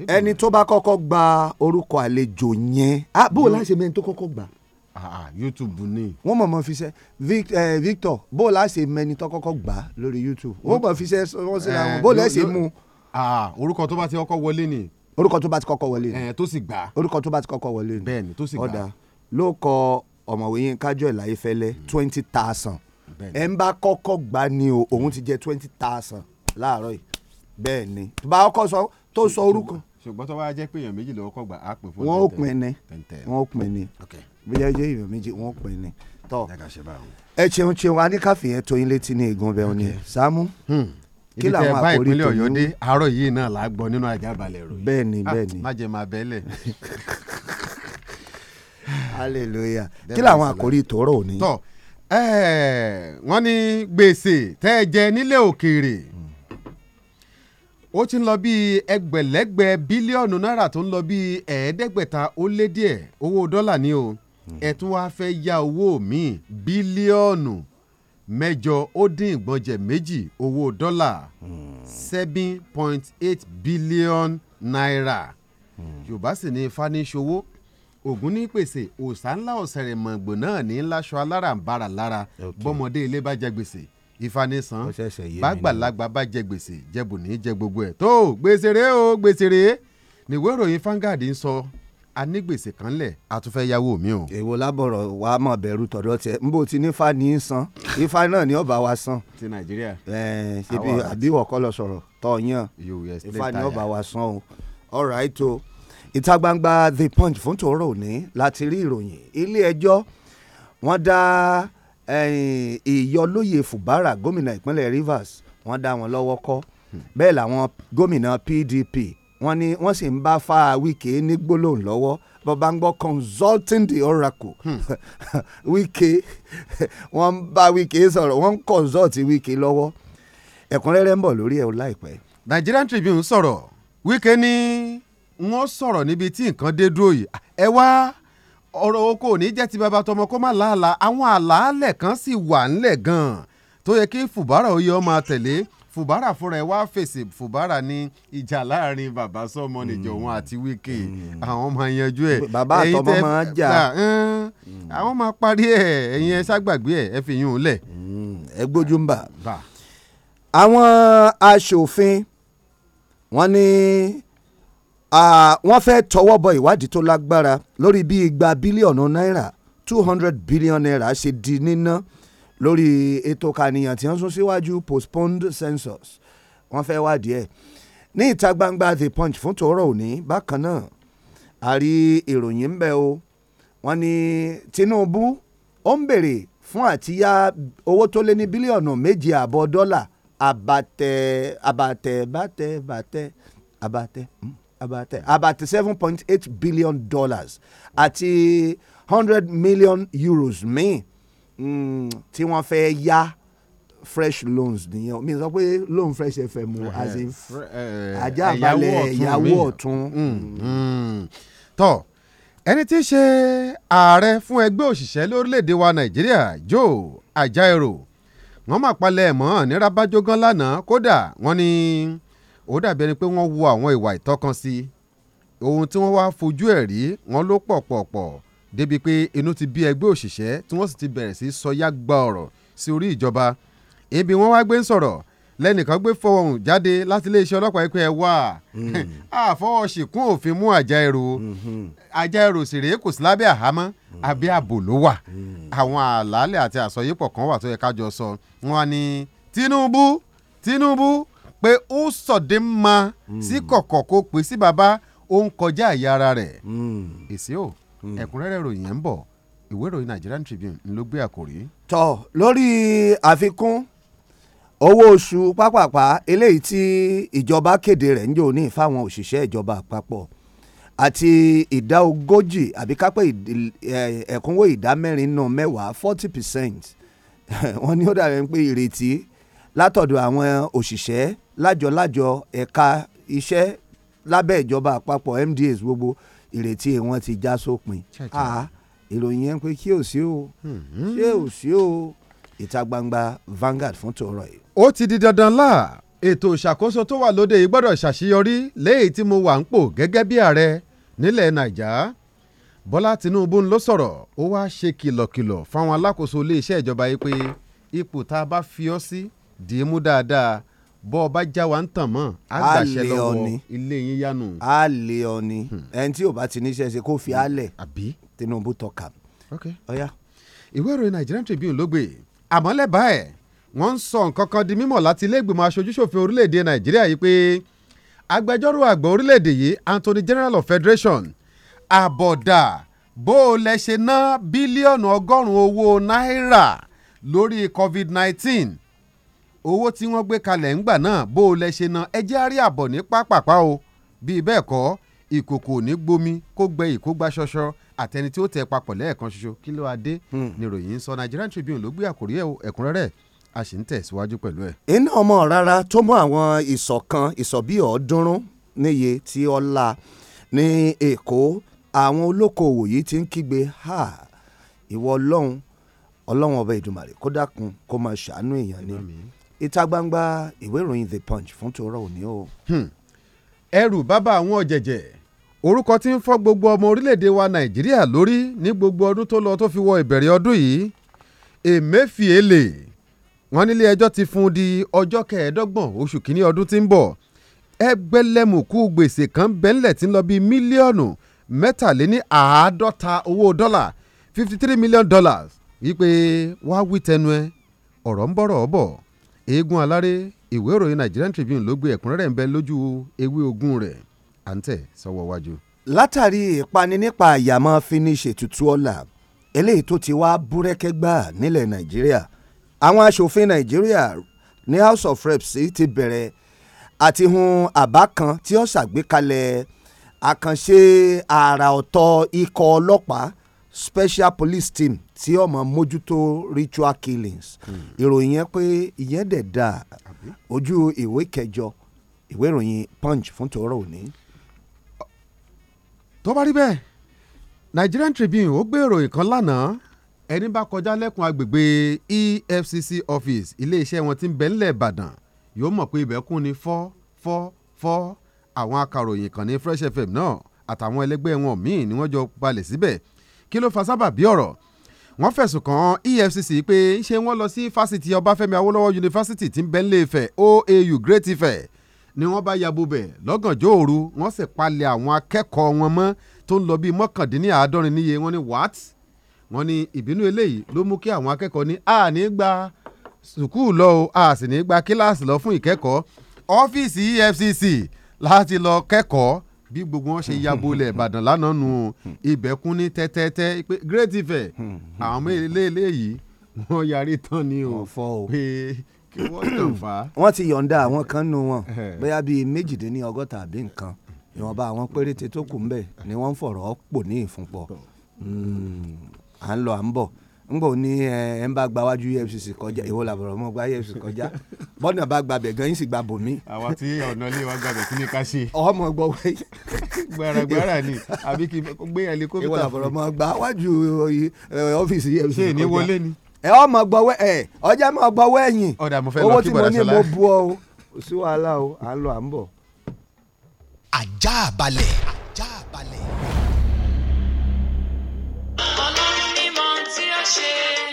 ẹni tó bá kọ́kọ́ gba orúkọ àlejò yẹn bó o láṣẹ mẹ́ni tó kọ́kọ́ gbà. Ah, ah, YouTube ni. wọ́n mọ̀ mọ́ fi ṣe eh, Victor bó o láṣẹ mẹ́ni tó kọ́kọ́ gbà lórí YouTube wọ́n mọ̀ fi ṣe wọ́n ṣe eh, àwọn bó o láṣẹ mú. Ah, orúkọ tó bá ti kọ́kọ́ wọlé ni. orúkọ tó bá ti kọ́kọ́ wọlé ni. Eh, tó sì gbà. orúkọ tó bá ti kọ́kọ́ wọlé ni. bẹ́ẹ̀ni tó sì gbà. ọ̀dà ló kọ ọ̀mọ̀wé yín kájọ ìláyéfẹ́lẹ́ hmm. twenty thousand ẹ̀ ń bá kọ́kọ́ gbà ni o òun ti jẹ twenty thousand láàárọ̀ yìí bẹ́ẹ̀ ni tó bá kọ́kọ́ sọ tó sọ orúkọ. ṣùgbọ́n tó bá jẹ́ pé èèyàn méjì lọ́wọ́ kọ́ gbà á pè fún wọn. wọ́n ó pin ni wọ́n ó pin ni bóyá jẹ́ èèyàn méjì wọ́n ó pin ni tọ́ ẹ ṣeun ṣeun a ní káfí yẹn tó yín létí ní ègún bẹ́ẹ̀ ni Sàámú hmm. kí làwọn àkórí tó ní. ibi tẹ bá ìpínlẹ̀ Ọ̀yọ́ dé àárọ̀ yìí náà là á gbọ́ nínú àjàbalẹ̀ rò. bẹ́ẹ̀ ni ah, bẹ́ẹ̀ ni. má jẹ́ máa bẹ́ẹ̀lẹ̀. hallelujah kí làwọn àkórí tòró òní. tọ́ wọ́n ní gbèsè tẹ́ ẹ jẹ nílé òkèèrè. Mm ó ti ń lọ bí ẹgbẹ̀lẹ́gbẹ̀ bílíọ̀nù náírà tó ń lọ bí ẹ̀ẹ́dẹ́gbẹ̀ta ó lé díẹ̀ owó dọ́là ni o hmm. ẹ tún wáá fẹ́ ya owó míì bílíọ̀nù mẹ́jọ ó dín ìgbọ̀njẹ̀ méjì owó dọ́là hmm. seven point eight billion naira hmm. yorùbá sì ni ifá ní ṣòwò ògún ní pèsè òòsà ńlá ọ̀sẹ̀rẹ̀ mọ̀gbọ̀n náà ní láṣọ alárànbarà lára bọ́mọdé ilé bá jẹ gbèsè ìfanisàn bàgbàlagbà bá jẹ gbèsè jẹbù ní jẹ gbogbo ẹ̀ tó gbèsè rèé o gbèsè rèé nìwé ìròyìn Vanguard ń sọ anígbèsè kan lẹ̀ àtúnfẹ́ yàwó mi o. èwo lábọ̀rọ̀ wa mọ̀ bẹ̀rù tọ̀dọ̀ tẹ n bò tí nífa ní í san ifá náà ni ọba wa san. ti nàìjíríà. ẹẹ ṣebi àbíwọ̀ kọ́ lọ sọ̀rọ̀ tọ̀yàn ifá ni ọba wa san o. all o ìta gbangba the punch fún tòórọ́ òní láti rí ìròyìn ilé ẹjọ́ wọ́n dá. Da ìyọlóye fubara gómìnà ìpínlẹ̀ Rivers wọ́n dá wọn lọ́wọ́ kọ́ bẹ́ẹ̀ làwọn gómìnà PDP wọ́n ní wọ́n sì ń bá fa Wike ní gbólóhùn lọ́wọ́ bàbá ń gbọ́ consulting the oracle hmm. Wike wọ́n ń bá Wike sọ̀rọ̀ wọ́n ń consult Wike lọ́wọ́ ẹ̀kúnrẹ́rẹ́ ń bọ̀ lórí ẹ̀ láìpẹ́. Nigerian Tribune sọ̀rọ̀ Wike ní wọ́n sọ̀rọ̀ níbi tí nǹkan dé dúró yìí ẹ wá ọ̀rọ̀ oko ò ní jẹ́ ti bàbá tọmọ kó má làálà àwọn àlàálẹ̀ kan sì wà ńlẹ̀ gan-an tó yẹ kí fùbárà oyè ó máa tẹ̀lé fùbárà fúnra ẹ wá fèsì fùbárà ní ìjà láàrin bàbá sọmọ nìjọ wọn àti wíkì àwọn máa yanjú ẹ bàbá àtọmọ máa jà ah, ah. àwọn máa parí ẹ ẹ̀yin ẹ ṣàgbàgbé ẹ ẹ fi yún un lẹ. Hmm. ẹ gbójú ń bà. àwọn aṣòfin wọ́n ní wọ́n fẹ́ tọwọ́ bọ ìwádìí tó lágbára lórí bí igba bílíọ̀nù náírà two hundred billion naira ṣe di níná lórí ètò kànìyàn tí wọ́n sún síwájú postponed census wọ́n fẹ́ wádìí ẹ̀ ní ìta gbangba the punch fún tòórọ́ òní bákan náà a rí ìròyìn ń bẹ o wọ́n ní Tinubu ó ń bèrè fún àtiyá owó tó lé ní bílíọ̀nù méje àbọ̀ dọ́là àbàtẹ̀ àbàtẹ̀ bàtẹ̀ bàtẹ̀ àbàtẹ̀. Mm about about seven point eight billion dollars àti hundred million euros míì mm, tí wọ́n fẹ́ yá fresh loans nìyẹn mi sọ pé loan fresh fm o as in eh, eh, ajá balẹ̀ ẹ̀yáwó ọ̀tún. Mm, mm. Mm. tọ́ ẹni tí í ṣe ààrẹ fún ẹgbẹ́ òṣìṣẹ́ lórílẹ̀‐èdè wa nàìjíríà Joe Ajaero wọ́n máa palẹ̀ mọ́ ní rabajogan lánàá kódà wọ́n ní. Ni ó dàbí ẹni pé wọ́n wo àwọn ìwà ìtọ́kansí ohun tí wọ́n wá fojú ẹ̀ rí wọ́n ló pọ̀pọ̀pọ̀ débi pé inú ti bí ẹgbẹ́ òṣìṣẹ́ tí wọ́n sì ti bẹ̀rẹ̀ sí sọyá gba ọ̀rọ̀ sí orí ìjọba ibi wọ́n wá gbé ń sọ̀rọ̀ lẹ́nìkan gbé fọwọ́hùn jáde láti iléeṣẹ́ ọlọ́pàá ẹ̀pẹ́ ẹ̀ wá àfọwọ́sìnkún hmm. òfin mú Ajaero hmm. Ajaero sì rèé kò sí lábẹ́ àhámọ́ hmm. abẹ́ ààbò ló wà àwọn àlàálẹ̀ àti àsọyípọ̀ kan wà tó yẹ ká jọ sọ wọn ni Tinubu Tinubu pé ó sọ̀dé ma sí hmm. kọ̀kọ̀ kó pè sí bàbá ó ń kọjá àyà ara rẹ̀ hmm. èsì o hmm. ẹ̀kúnrẹ́rẹ́ ìròyìn yẹn ń bọ̀ ìwé ìròyìn Nigerian Tribune ló gbé àkòrí. tọ lórí àfikún owó oṣù pápápá eléyìí tí ìjọba kéde rẹ̀ ń jò ní fáwọn òṣìṣẹ́ ìjọba àpapọ̀ àti ìdá ogójì àbí kápẹ́ ẹ̀kúnwó ìdá mẹ́rin nù mẹ́wàá forty percent wọ́n ní ó dàbẹ̀ pé ìrètí látọ̀dọ̀ àwọn òṣìṣẹ́ lájọ̀lájọ̀ ẹ̀ka iṣẹ́ lábẹ́ ìjọba àpapọ̀ MDAs gbogbo ìrètí wọn ti já sópin ah, ìròyìn yẹn pé kí ò sí o mm-hmm. ṣé ò sí o ìta gbangba Vanguard fún tòrọ yìí. ó ti di dandan láà ètò ìṣàkóso tó wà lóde yìí gbọ́dọ̀ ṣàṣeyọrí léyìí tí mo wà ń pò gẹ́gẹ́ bí ààrẹ nílẹ̀ nàìjà bọ́lá tinubu ló sọ̀rọ̀ ó wáá ṣe kìlọ̀kìlọ̀ fáwọn alákòóso iléeṣẹ́ ìjọba yìí pé ipò tá a bá fi ọ́ sí dìímú dáadáa bọ́ ọ bá já wa ń tàn mọ́ a gbàṣẹ lọ́wọ́ ilé yín yánu. a lè ọ ni hmm. ẹni tí ò bá ti níṣẹ́ ṣe kó fi á hmm. lẹ̀ Tinubu tọ́ka. ọ̀ya. ìwé ìròyìn Nigerian Tribune ló gbé àmọ́ lẹ́bàá ẹ̀ wọ́n ń sọ nǹkan kan di mímọ̀ láti ilé ìgbìmọ̀ orílẹ̀-èdè Nàìjíríà yìí pé agbẹjọ́rò àgbà orílẹ̀-èdè yìí Anthony General of Federation àbọ̀dà bó o lẹ ṣe ná bílíọ̀nù ọgọ́rùn-ún owó náírà lórí covid nineteen owó tí wọ́n gbé kalẹ̀ ńgbà náà bó o lẹ ṣe na ẹjẹ́ á rí àbọ̀ ní pápápá o bíi bẹ́ẹ̀ kọ́ ìkòkò ní gbomi kó gbẹ ìkógbá ṣọṣọ àtẹni tí ó tẹ papọ̀ lẹ́ẹ̀kan ṣoṣo kí ló wá dé hmm. níròyìn sọ Nigerian Tribune ló gbé àkórí ẹ̀ ẹ̀kúnrẹ́rẹ́ a sì ń tẹ̀síwájú pẹ̀lú ẹ̀. iná ọmọ rárá tó mọ àwọn ìsọ̀ kan ìsọ̀ bíi ọ̀ọ́dúnrún níye tí ọlá ní Èkó àwọn olókoòwò yìí ti ń kígbe ha ìwọ ọlọ́run ọlọ́run ọba Èdùmàrè kó dákun kó máa ṣàánú èèyàn ni ìta gbangba ìwé ìròyìn the punch fún tòórọ́ òní o. Hmm. ẹrù bàbá àwọn ọ̀jẹ̀jẹ̀ orúkọ tí ń fọ́ gbogbo ọmọ orílẹ̀-èdè wa nàìjíríà lórí ní gbogbo ọdún tó lọ tó fi wọ ìbẹ̀rẹ̀ ọdún yìí emefiele wọ́n nílé ẹjọ́ ti fún un di ọjọ́ kẹẹ̀ẹ́dọ́gbọ̀n oṣù kínní ọdún tí ń bọ̀ ẹgbẹ̀lẹ́mùkú gbèsè kan bẹ́ńlẹ̀ tí ń lọ bíi mílíọ̀nù mẹ́tàléní àádọ́ta owó dọ́là fifty three million dollars wípé wá wí tẹnu ẹ ọ̀rọ̀ ń bọ̀rọ̀ ọ̀bọ̀ eégún aláré ìwé ìròyìn Nigerian Tribune ló gbé ẹ̀kúnrẹ́rẹ́ ń bẹ lójú ewé ogún rẹ̀ à ń tẹ̀ sọ́wọ́ wájú. látàrí ìpani nípa àyàmọ́ finish ètùtù ọ̀la eléyìí tó ti wá búrẹ́kẹ́ gbà nílẹ̀ nàìjíríà àwọn aṣòfin nàìjíríà ní House of Reps ti bẹ̀rẹ̀ àti hun àbá kan tí ó ṣàgbékalẹ̀ àkànṣe àrà ọ̀tọ̀ ikọ̀ ọlọ́pàá special police team tí ọmọ mójútó ritual killings ìròyìn yẹn pé ìyẹn dẹ̀ da ojú ìwé kẹjọ ìwé ìròyìn punch fún tòórọ́ òní. tó bá rí bẹ́ẹ̀ Nigerian Tribune ó gbé ìròyìn kan lánàá ẹni bá kọjá lẹ́kùn agbègbè EFCC office iléeṣẹ́ wọn ti ń bẹ̀ ńlẹ̀ Ìbàdàn yóò mọ̀ pé ibẹ̀ kún ni fọ́ fọ́ fọ́ àwọn akàròyìn kan ní Fresh FM náà àtàwọn ẹlẹgbẹ́ wọn míì ni wọ́n jọ balẹ̀ síbẹ̀ kí ló fa sábàbí ọ̀rọ̀ wọ́n fẹ̀sùn kàn EFCC pé ṣé wọ́n lọ sí fásitì Ọbáfẹ́mi Awólọ́wọ̀ yunifásitì tí ń bẹ nílé Ifẹ̀ OAU Great Ifẹ̀ ni wọ́n bá yabo bẹ̀ lọ́gànjọ́ òru wọ́n sì palẹ̀ àwọn akẹ́kọ̀ọ́ wọn mọ́ tó ń lọ bíi mọ́kàndínláàádọ́rin níye wọ́n ní what wọ́n ní ìbínú eléyìí ló mú kí àwọn akẹ́kọ̀ọ́ ní a ní gba sùkúù lọ o a sì ní gba kíláàsì lọ fún ìkẹ́kọ̀ọ́ ọ́fíìsì EFCC láti lọ kẹ́kọ̀ọ́ bí gbogbo wọn ṣe yabo ilẹ̀ ìbàdàn lánàá nu ibẹ̀ kún ní tẹ́tẹ́tẹ́ pé great Ifẹ̀ àwọn mélòó yìí wọ́n yarí tán ni o pé kí wọ́n kàn fà á. wọ́n ti yọ̀ǹda àwọn kan nu wọn bóyá bíi méjìdínlọ́gọ́ta àbí nǹkan ìwọ̀nba àwọn péréte tó kù ń bẹ̀ ni wọ́n ń fọ̀rọ̀ pò ní ìfúnpọ̀ hmm, à ń lọ à ń bọ̀ ngbọ ní eh, ẹ ń bá gba wájú EFCC kọjá ìwọ làbọ̀rọ̀ gba EFCC kọjá bọ́nà bá gbàbẹ̀ gan yín sì gba bòmí. àwa tí ọ̀nà wa gbàbẹ̀ kí ni ká ṣe. ọmọ gbọ́ wẹ́. ni àbí kí gbé ẹlikópítà. ìwọ làbọ̀rọ̀ mọ́ gba wájú eh, ọ́fíìsì EFCC kọjá. ṣé ni wọlé ni. ẹ ọmọ gbọ́ wẹ́ ẹ ọjà mọ́ mo fẹ́ lọ shit.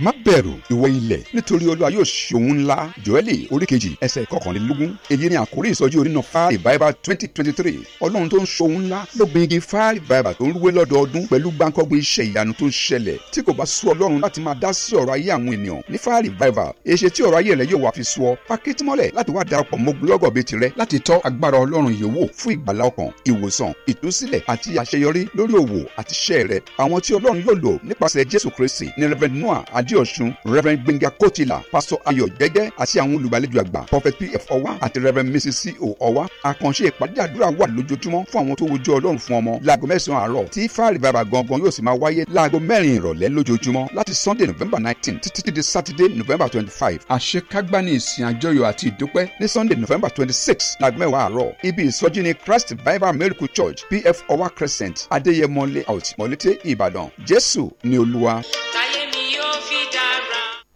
má bẹ̀rù ìwọ ilẹ̀ nítorí olúwa yóò ṣe òun ńlá jọ́ẹ́lì oríkejì ẹsẹ̀ kọkànlélógún èyí ni àkórí ìsọjí onínà five bible twenty twenty three ọlọ́run tó ń ṣe òun ńlá ló gbin igi five bible tó ń rúwé lọ́dọọdún pẹ̀lú gbáǹkọ́gbìn iṣẹ́ ìyanu tó ń ṣẹlẹ̀ tí kò bá sú ọlọ́run láti máa dá sí ọ̀rọ̀ ayé àwọn ènìyàn ní five bible èṣe tí ọ̀rọ̀ ayé rẹ̀ yóò wá fi sú ọ pakétímọ́lẹ̀ láti wá darapọ̀ mọ́ blọ́gọ̀ bíi tirẹ̀ láti tọ́ agbára ọlọ́run yìí wò fún ìgbàlá ọkàn ìwòsàn ìtúsílẹ̀ àti àṣeyọrí lórí òwò àti iṣẹ́ rẹ̀ àwọn tí ọlọ́run yóò lò nípasẹ̀ jésù kristi ní rẹ́fẹ̀d Emmanuel Adéọ̀sùn Reverend Gbénga Kotila, Pastor Ayọ̀ Jẹ́jẹ́ àti àwọn olùgbàlejò àgbà Prophet P.F. Ọwá àti Reverend Mrs. C C.O. Ọwá àkànṣe ìpàdé àdúrà wà lójoojúmọ́ fún àwọn tó wojú Ọlọ́run fún ọmọ láago mẹ́sàn-án àárọ̀ tí fáàrí bàbà gangan yóò sì máa wáyé láago mẹ́rin ìrọ̀lẹ́ lójoojúmọ́ láti Sunday November nineteen títí di Saturday November twenty-five àṣekágbá ní ìsìn àjọyọ̀ àti ìdúpẹ́ ní Sunday November twenty-six láago mẹ́wàá àárọ̀ ibi ìsọjí ní Christ Bible Miracle Church P.F. Ọwá Crescent Adéyẹmọ Layout Mọ̀lété Ìbàdàn Jésù ni Olúwa. táyé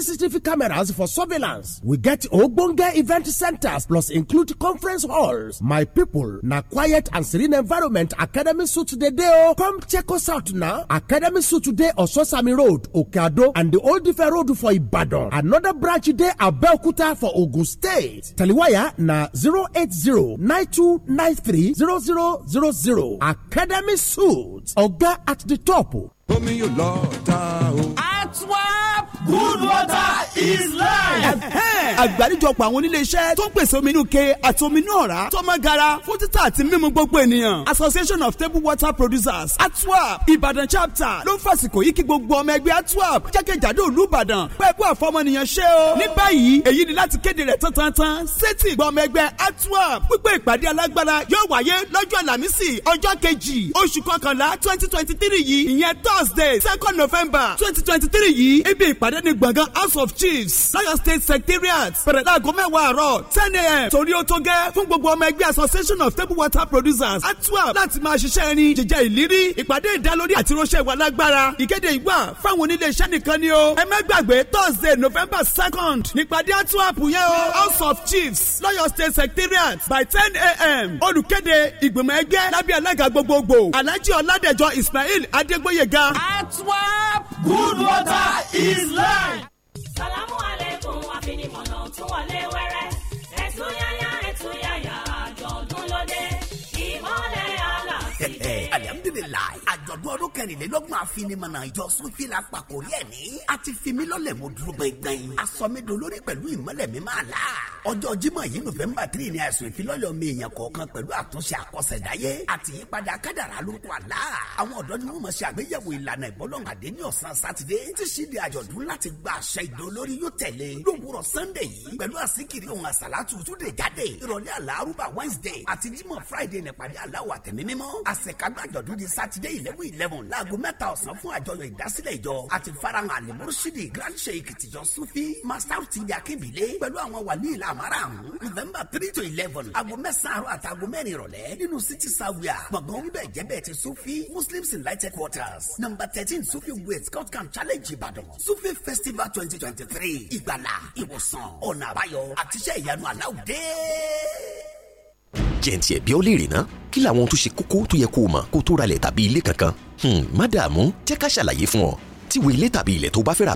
CCTV cameras for surveillance. We get Ogbonge event centers plus include conference halls. My people, na quiet and serene environment Academy Suit today Oh, Come check us out now. Academy Suit today Sosami Road, Okado and the Old Ife Road for Ibadan. Another branch at Belkuta for Ogun State. Taliwaya na 08092930000. Academy Suit. Oga at the top. Omi yóò lọ ta o. At one. Good water is life. àgbáríjọpọ̀ àwọn oníléeṣẹ́ tó ń pèsè omi inú ke àti omi inú ọ̀rá tó mọ́ gara fún títà àti mímu gbogbo ènìyàn association of table water producers atwap ìbàdàn chapter ló ń fàsìkò yìí kí gbogbo ọmọ ẹgbẹ́ atwap jákèjádò ìlú ìbàdàn pẹ́ẹ́kú àfọmọnìyàn ṣe o ní báyìí èyí ni láti kéde rẹ̀ tán tán tán sétí ìgbọ́ ọmọ ẹgbẹ́ atwap pípé ìpàdé alágbára november twenty twenty three yìí ibi ìpàdé ni gbọ̀ngàn house of chiefs lọ́yọ̀ state secretariat arts bẹ̀rẹ̀ láago mẹ́wàá àárọ̀ ten a.m. torí ó tó gẹ́ fún gbogbo ọmọ ẹgbẹ́ association of table water producers atwap láti máa ṣiṣẹ́ ẹni jẹjẹ ìlírí ìpàdé ìdálórí àti ránṣẹ́ ìwà lágbára ìkéde ìwà fáwọn onílé iṣẹ́ nìkan ni o ẹ má thursday november second nípàdé atwap yẹn o house of chiefs lọ́yọ̀ state secretariat by ten a.m. olùkéde ìgbìmọ̀ ẹgbẹ́ lábẹ́ alága gbogbogbò alhaji ọládẹjọ ismail adégbóyèga. atwap good water is life. Salamu alaikum àfinimọ̀nà tún wọlé wẹ́rẹ́. alihamudulilayi àjọ̀dún ọdún kẹrìnlélọ́gbọ̀n àfinimọ̀nà ìjọ sunfi la pàkórí ẹ̀ ní. a ti fi mí lọ́lẹ̀ mo dúró gbẹ̀ngbẹ̀yìn. a sọ mi dolórí pẹ̀lú ìmọ̀lẹ̀ mi máa la. ọjọ́ Jímọ̀ yìí nọ́fẹ̀mbà tírì ni àìsàn ìfilọ́lẹ̀ ọmọ èèyàn kọ̀ọ̀kan pẹ̀lú àtúnṣe àkọsẹ̀dáyé àti ìyípadà kádàrá lórúkọ àlá. àwọn ọ̀dọ́ ni wọ́n mọ̀ ṣe àgbéyẹ̀wò ìlànà ìbọ́lọ́ǹgàdé ní ọ̀sán sátidé tí ṣíde àjọ̀dún láti gba àṣẹ ìdólórí yóò tẹ̀lé lówùrọ̀ sannde yìí pẹ̀lú àsìkiri ohun àsàlátù túnde jáde ìrọ̀lẹ́ àlárúbà wednesday àti Jímọ̀ friday nípàdé tó di sátidé eleven eleven láago mẹ́ta ọ̀sán fún àjọyọ̀ ìdásílẹ̀ ìjọ àti farahàn alimursidi grand sheikh tijọ́ sufi master tidi akébílé pẹ̀lú àwọn wàlíì làmárà àrùn november three to eleven aago mẹ́sàn-án àrò àtàgò mẹ́rin ìrọ̀lẹ́ nínú city sawia gbọ̀ngàn wíbẹ̀ jẹ́bẹ̀ ti sufi muslims in lighted quarters. number thirteen sufi west scott camp challenge ìbàdàn sufi festival twenty twenty three ìgbàlà ìwòsàn ọ̀nà àbáyọ àtiṣe ìyanu jẹ́ǹtì ẹ̀bí ó lè ná kí làwọn ohun tó ṣe kókó tó yẹ kó o mọ̀ kó o tó ralẹ̀ tàbí ilé kankan hmm, má dààmú jẹ́ ká ṣàlàyé fún ọ tíwèé ilé tàbí ilẹ̀ tó bá fẹ́ rà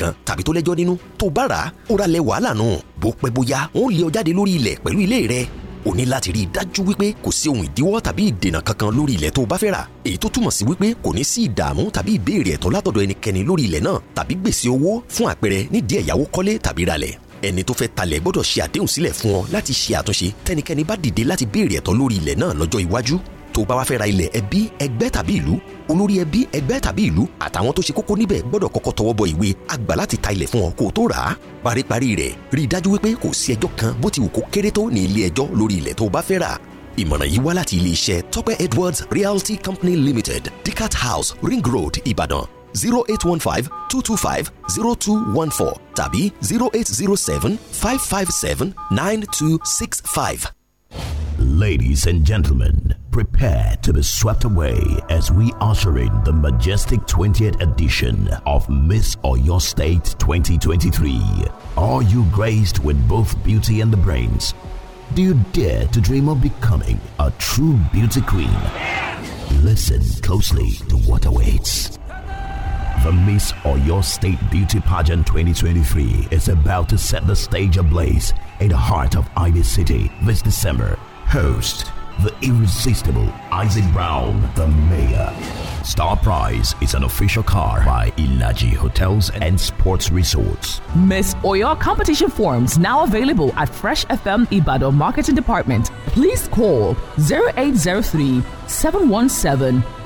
kan tàbí tó lẹ́jọ́ nínú tó bá rà á ó ralẹ̀ wàhálà nù bó pẹ́ bóyá wọ́n lé ọ jáde lórí ilẹ̀ pẹ̀lú ilé rẹ o ní láti rí i dájú wípé kò sí ohun ìdíwọ́ tàbí ìdènà kankan lórí ilẹ̀ tó o bá fẹ́ rà èyí tó túmọ̀ sí wípé kò ní sí ìdààmú tàbí ìbéèrè ẹ̀tọ́ látọ̀dọ̀ ẹnikẹ́ni lórí ilẹ̀ náà tàbí gbèsè owó fún àpẹẹrẹ nídìí ẹ̀yáwó kọ́lé tàbí ralẹ̀ ẹni tó fẹ́ talẹ̀ gbọ́dọ̀ ṣe àdéhùn sílẹ̀ fún ọ láti ṣe àtúnṣe tẹnikẹ́ni bá dìde láti béèrè ẹ̀tọ́ lórí ilẹ̀ náà lọ́jọ́ iwájú tó bá wá fẹ́ ra ilẹ̀ ẹbí ẹgbẹ́ tàbí ìlú olórí ẹbí ẹgbẹ́ tàbí ìlú àtàwọn tó ṣe kókó níbẹ̀ gbọ́dọ̀ kọ́kọ́ tọwọ́ bọ ìwé àgbà láti ta ilẹ̀ fún ọ kó tó rà á paríparí rẹ̀ rí i dájú wípé kò sí ẹjọ́ kan bó ti wù kó kéré tó ní ilé ẹjọ́ lórí ilẹ̀ tó bá fẹ́ rà ìmọ̀ràn yìí wá láti ilé iṣẹ́ Tọ́pẹ́ Edwards Realty Company Limited Decat House Ring Road Ìbàdàn 0815 225 0214 tabi 0807 557 9265. Ladies and gentlemen, prepare to be swept away as we usher in the majestic 20th edition of Miss or Your State 2023. Are you graced with both beauty and the brains? Do you dare to dream of becoming a true beauty queen? Listen closely to what awaits. The Miss or Your State Beauty Pageant 2023 is about to set the stage ablaze in the heart of Ivy City this December. Host the irresistible Isaac Brown, the mayor. Star Prize is an official car by Ilaji Hotels and Sports Resorts. Miss Oyo competition forms now available at Fresh FM Ibado Marketing Department. Please call 0803 717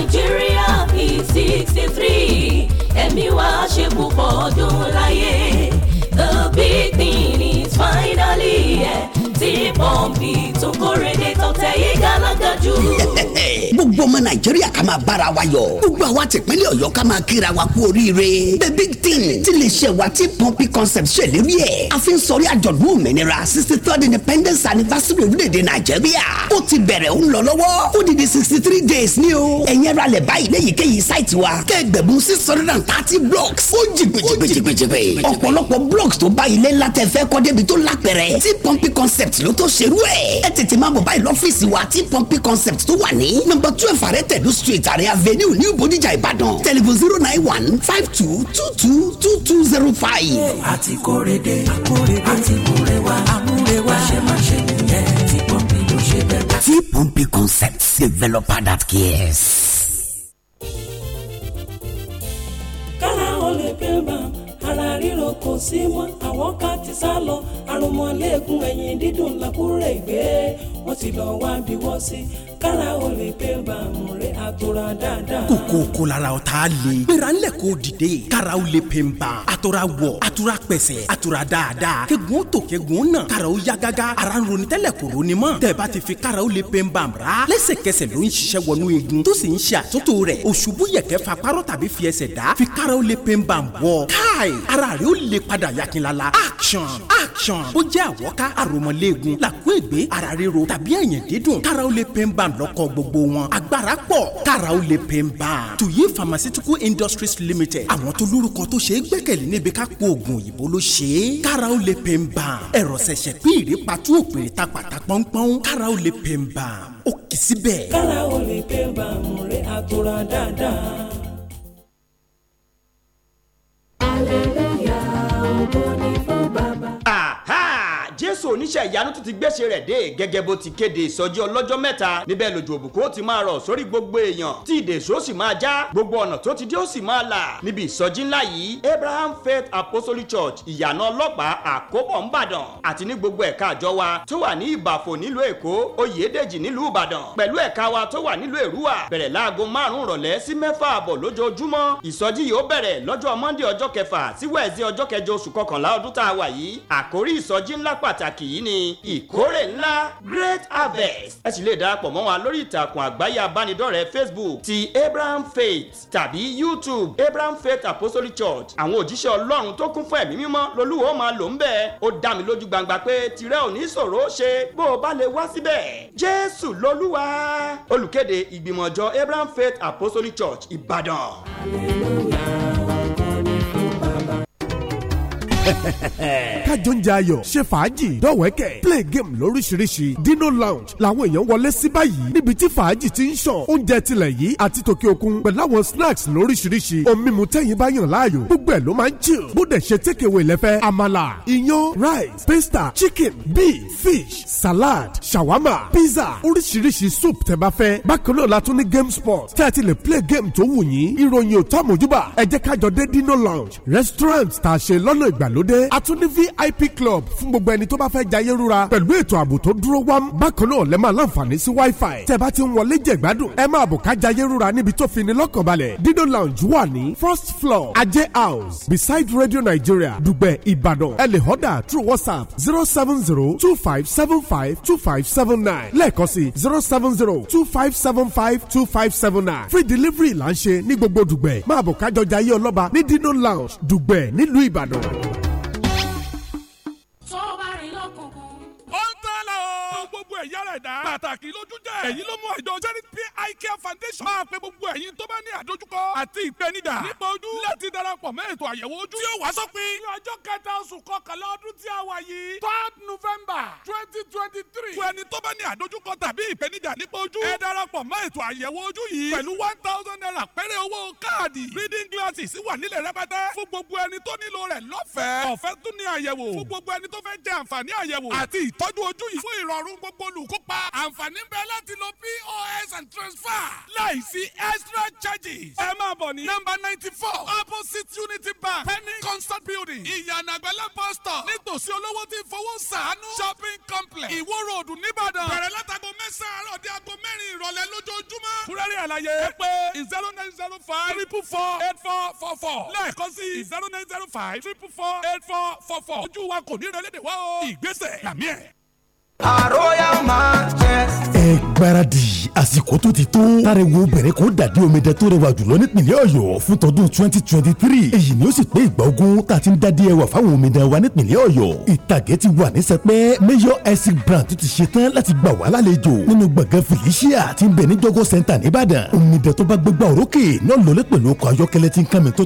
nàìjíríà p sixty three ẹ̀mí wa ṣe púpọ̀ ọdún láyé the big thing is finally ẹ̀ eh, tí pọ́ǹpì tún kórè dé. gbogbo ọmọ nàìjíríà ká máa bára wa yọ̀ gbogbo àwa tìpínlẹ̀ ọ̀yọ́ ká máa kíra wa kú oríire the big thing ti lè ṣe wa ti pọ́ńpì concept ṣe lérí ẹ̀ a fi ń sọrí àjọ̀dún òmìnira sixty third independence anniversary orílẹ̀-èdè nàìjíríà ó ti bẹ̀rẹ̀ ó ń lọ lọ́wọ́ ó di di sixty three days ní o ẹ̀yẹ́ ra lẹ̀ báyìí léyìíkéyìí sáìtì wa kẹ́gbẹ̀bùn six hundred and thirty blocks ó jì gbèjìgbèjìgbè ọ̀pọ̀lọpọ̀ blocks tó bá ilé ńlá tẹ fẹ́ kọ́ débi tó lápẹ̀rẹ̀ ti pọ́ńpì concept ló tó ṣerú ẹ̀ ẹ̀ tètè má bọ̀ báyìí ọ́fíìsì wa tí pọ́ńpì concept tó wà ní number twelve àrẹ́tẹ̀dú street àrẹ avenue new bodijà ìbàdàn telephone zero nine one five two two two two two zero five. àti kórede àti kórewa àmúrewa ṣe máa ṣe nìyẹn tí pọ́ńpì ló ṣe bẹ́ẹ̀. tí pọ́ńpì concept developer that cares. kára olè pé bá ara ríro kò sí mọ́ àwọn ká ti sá lọ àrùn mọ́lẹ́gùn ẹ̀yìn dídùn làkúrẹ́ ìgbé wọ́n ti lọ wá bí wọ́n sí kára o lè pé bàmù rẹ̀ àtòrà dáadáa. kòkó kò lára ọ̀tá le gbéra ńlẹ̀ kò dìde kára o lè pè ń bá àtòrà wọ̀ àtòrà pẹ̀sẹ̀ àtòrà dáadáa kẹ́gun ó tò kẹ́gun ó nà kára o yá gágá ara ń ronú tẹ́lẹ̀ kò ronú mọ́ tẹ̀bá ti fi kára o lè pè ń bá ra lẹ́sẹ̀kẹsẹ̀ ló ń ṣiṣẹ́ wọnú igun tó sì ń ṣe àtúntò rẹ̀ òṣùbù yẹ̀kẹ́ fa párọ̀ tàbí fi ẹsẹ̀ dá fi kára o lè pè ń bá wọ̀ káì ara rẹ̀ ó lè padà yakinlala action action bó jẹ́ àwọ̀ká àròmọ̀lẹ́gun làkú ègbé tàbí ẹ̀yìn dídùn Karao Le Pain Balm lọ́kọ̀ gbogbo wọn agbára pọ̀ Karao Le Pain Balm Tuyi Pharmaceutical Industries Limited àwọn tó lórúkọ tó ṣe é gbẹ́kẹ̀lé níbi ká po oògùn òyìnbó ló ṣe é Karao Le Pain Balm ẹ̀rọ ṣẹ̀ṣẹ̀ pín ìrèpàtú òpèrè ta pàtà pọ́npọ́n Karao Le Pain Balm ó kì í síbẹ̀. Karao Le Pain Balm mú rẹ̀ àtúrà dáadáa. Hallelujah jésù oníṣẹ́ ìyanu ti ti gbéṣe rẹ̀ dé gẹ́gẹ́ bó ti kéde ìsọjí ọlọ́jọ́ mẹ́ta níbẹ̀ lójú òbùkún ó ti máa rọ̀ sórí gbogbo èèyàn tí ìdèṣó sì máa já gbogbo ọ̀nà tó ti dé ó sì máa là níbi ìsọjí ńlá yìí abraham faith apostolic church ìyànà ọlọ́pàá àkóbọ̀ ńbàdàn àti ní gbogbo ẹ̀ka àjọ wa tó wà ní ìbàfò nílùú èkó oyèdèjì nílùú ìbàdàn pẹ̀lú ẹ̀ka wa tó wà nílùú èrúwà bẹ̀rẹ̀ láago márùn-ún rọ̀lẹ́ sí mẹ́fà àbọ̀ lójoojúmọ́ ìsọjí yìí ó bẹ̀rẹ̀ lọ́jọ́ monday ọjọ́ kẹfà sí wẹ̀ẹ́sì ọjọ́ kẹjọ oṣù kọkànlá ọdún tá pàtàkì yìí ni ìkórè ńlá great harvest ẹ sì lè darapọ̀ mọ́ wa lórí ìtàkùn àgbáyé abánidọ́rẹ̀ẹ́ facebook ti abraham faith tàbí youtube abraham faith apostolic church àwọn òjíṣẹ́ ọlọ́run tó kún fún ẹ̀mí mímọ́ lolúwo máa lò ń bẹ̀ ó dá mi lójú gbangba pé tirẹ̀ ò ní ṣòro ṣe bó o bá lè wá síbẹ̀ jésù lolúwa olùkéde ìgbìmọ̀jọ abraham faith apostolic church ìbàdàn. hallelujah. kájọ ń jẹ ayọ̀ ṣe fàájì dọ́wẹ́kẹ̀ play game lóríṣiríṣi dino lounge làwọn èèyàn wọlé sí báyìí níbi tí fàájì ti ń sàn oúnjẹ tilẹ̀ yìí àti tòkè òkun pẹ̀lú àwọn snacks lóríṣiríṣi omi mu tẹ́yìn bá yàn láàyò gbogbo ẹ̀ ló máa ń chill bóde ṣe takeaway lẹ́fẹ́ àmàlà iyán rice pasta chicken beef fish salad shawama pizza oríṣiríṣi soup tẹ́ bá fẹ́ bákan náà la tún ní game sport tẹ́ ẹ ti lè play game tó wù yín ìròyìn ò tó lounge restaurant tá a ìgbàlódé a tún ní vip club fún gbogbo ẹni tó bá fẹ́ jayé rúra pẹ̀lú ètò ààbò tó dúró wám bákan náà lẹ́ máa láǹfààní sí wifi tẹ́ bá ti ń wọlé jẹ̀gbádùn ẹ máa bò ká jayé rúra níbi tó fi ni lọ́kànbalẹ̀ dido lounge wà ní first floor ajé house beside radio nigeria dùgbẹ̀ ìbàdàn ẹ lè họ́dà through whatsapp zero seven zero two five seven five two five seven nine lẹ́ẹ̀kan sí zero seven zero two five seven five two five seven nine free delivery là ń ṣe ní gbogbo dùgbẹ̀ máa bò kájọ jayé ọlọ́ba ní dido lounge dùgbẹ̀ nílùú ìbàdàn. ẹ̀dá. pàtàkì lójú jẹ́. èyí ló mú àjọ charity eye care foundation. máa pe gbogbo ẹ̀yin tó bá ní àdójúkọ. àti ìpènijà. nípa ojú. láti darapọ̀ mẹ́ ètò àyẹ̀wò ojú. tí ó wá sópin. ní ọjọ́ kẹta oṣù kọkànlá ọdún tí a wà yìí. third november twenty twenty three. fún ẹni tó bá ní àdójúkọ tàbí ìpènijà nípa ojú. ẹ darapọ̀ mẹ́ ètò àyẹ̀wò ojú yìí. pẹ̀lú one thousand pa àǹfààní bẹ́ẹ̀ láti lo pos and transfer láìsí extra charges. ẹ máa bọ̀ ní. nọ́mbà ninety four opposite unity bank penny constant building ìyànà àgbẹ̀lẹ̀ bus stop nítòsí olówó tí fowó ṣàánú shopping complex ìwó ròdù nìbàdàn. bẹ̀rẹ̀ látago mẹ́sàn-án àárọ̀ di aago mẹ́rin ìrọ̀lẹ́ lójoojúmọ́. kúrẹ́rì àlàyé ẹ pé zero nine zero five triple four eight four four four lẹ́ẹ̀kan sí zero nine zero five triple four eight four four four ojú wa kò ní ìrẹ́lẹ́dẹ̀ wá o ìgbésẹ̀ làmí ẹ̀ ẹ gbáradì àsìkò tó ti tó. tariwo bẹ̀rẹ̀ kó dàdí omidan tó rẹwà jùlọ nípìnlẹ̀ ọ̀yọ́ fún tọdún twenty twenty three. èyí ni ó sì pé ìgbà ogún tá a ti ń dádí ẹwà fáwọn omidan wa nípìnlẹ̀ ọ̀yọ́. ìtàgé ti wà ní sẹpẹ́ mayor essex brand tó ti ṣe tán láti gbà wá lálejò nínú gbọ̀ngàn felicia tí ń bẹ ní jọgọ center nìbàdàn. omidan tó bá gbégbá òrókè náà lọlé pẹ̀lú ọkọ̀ ayọ́kẹ́lẹ́ tí ń kàmi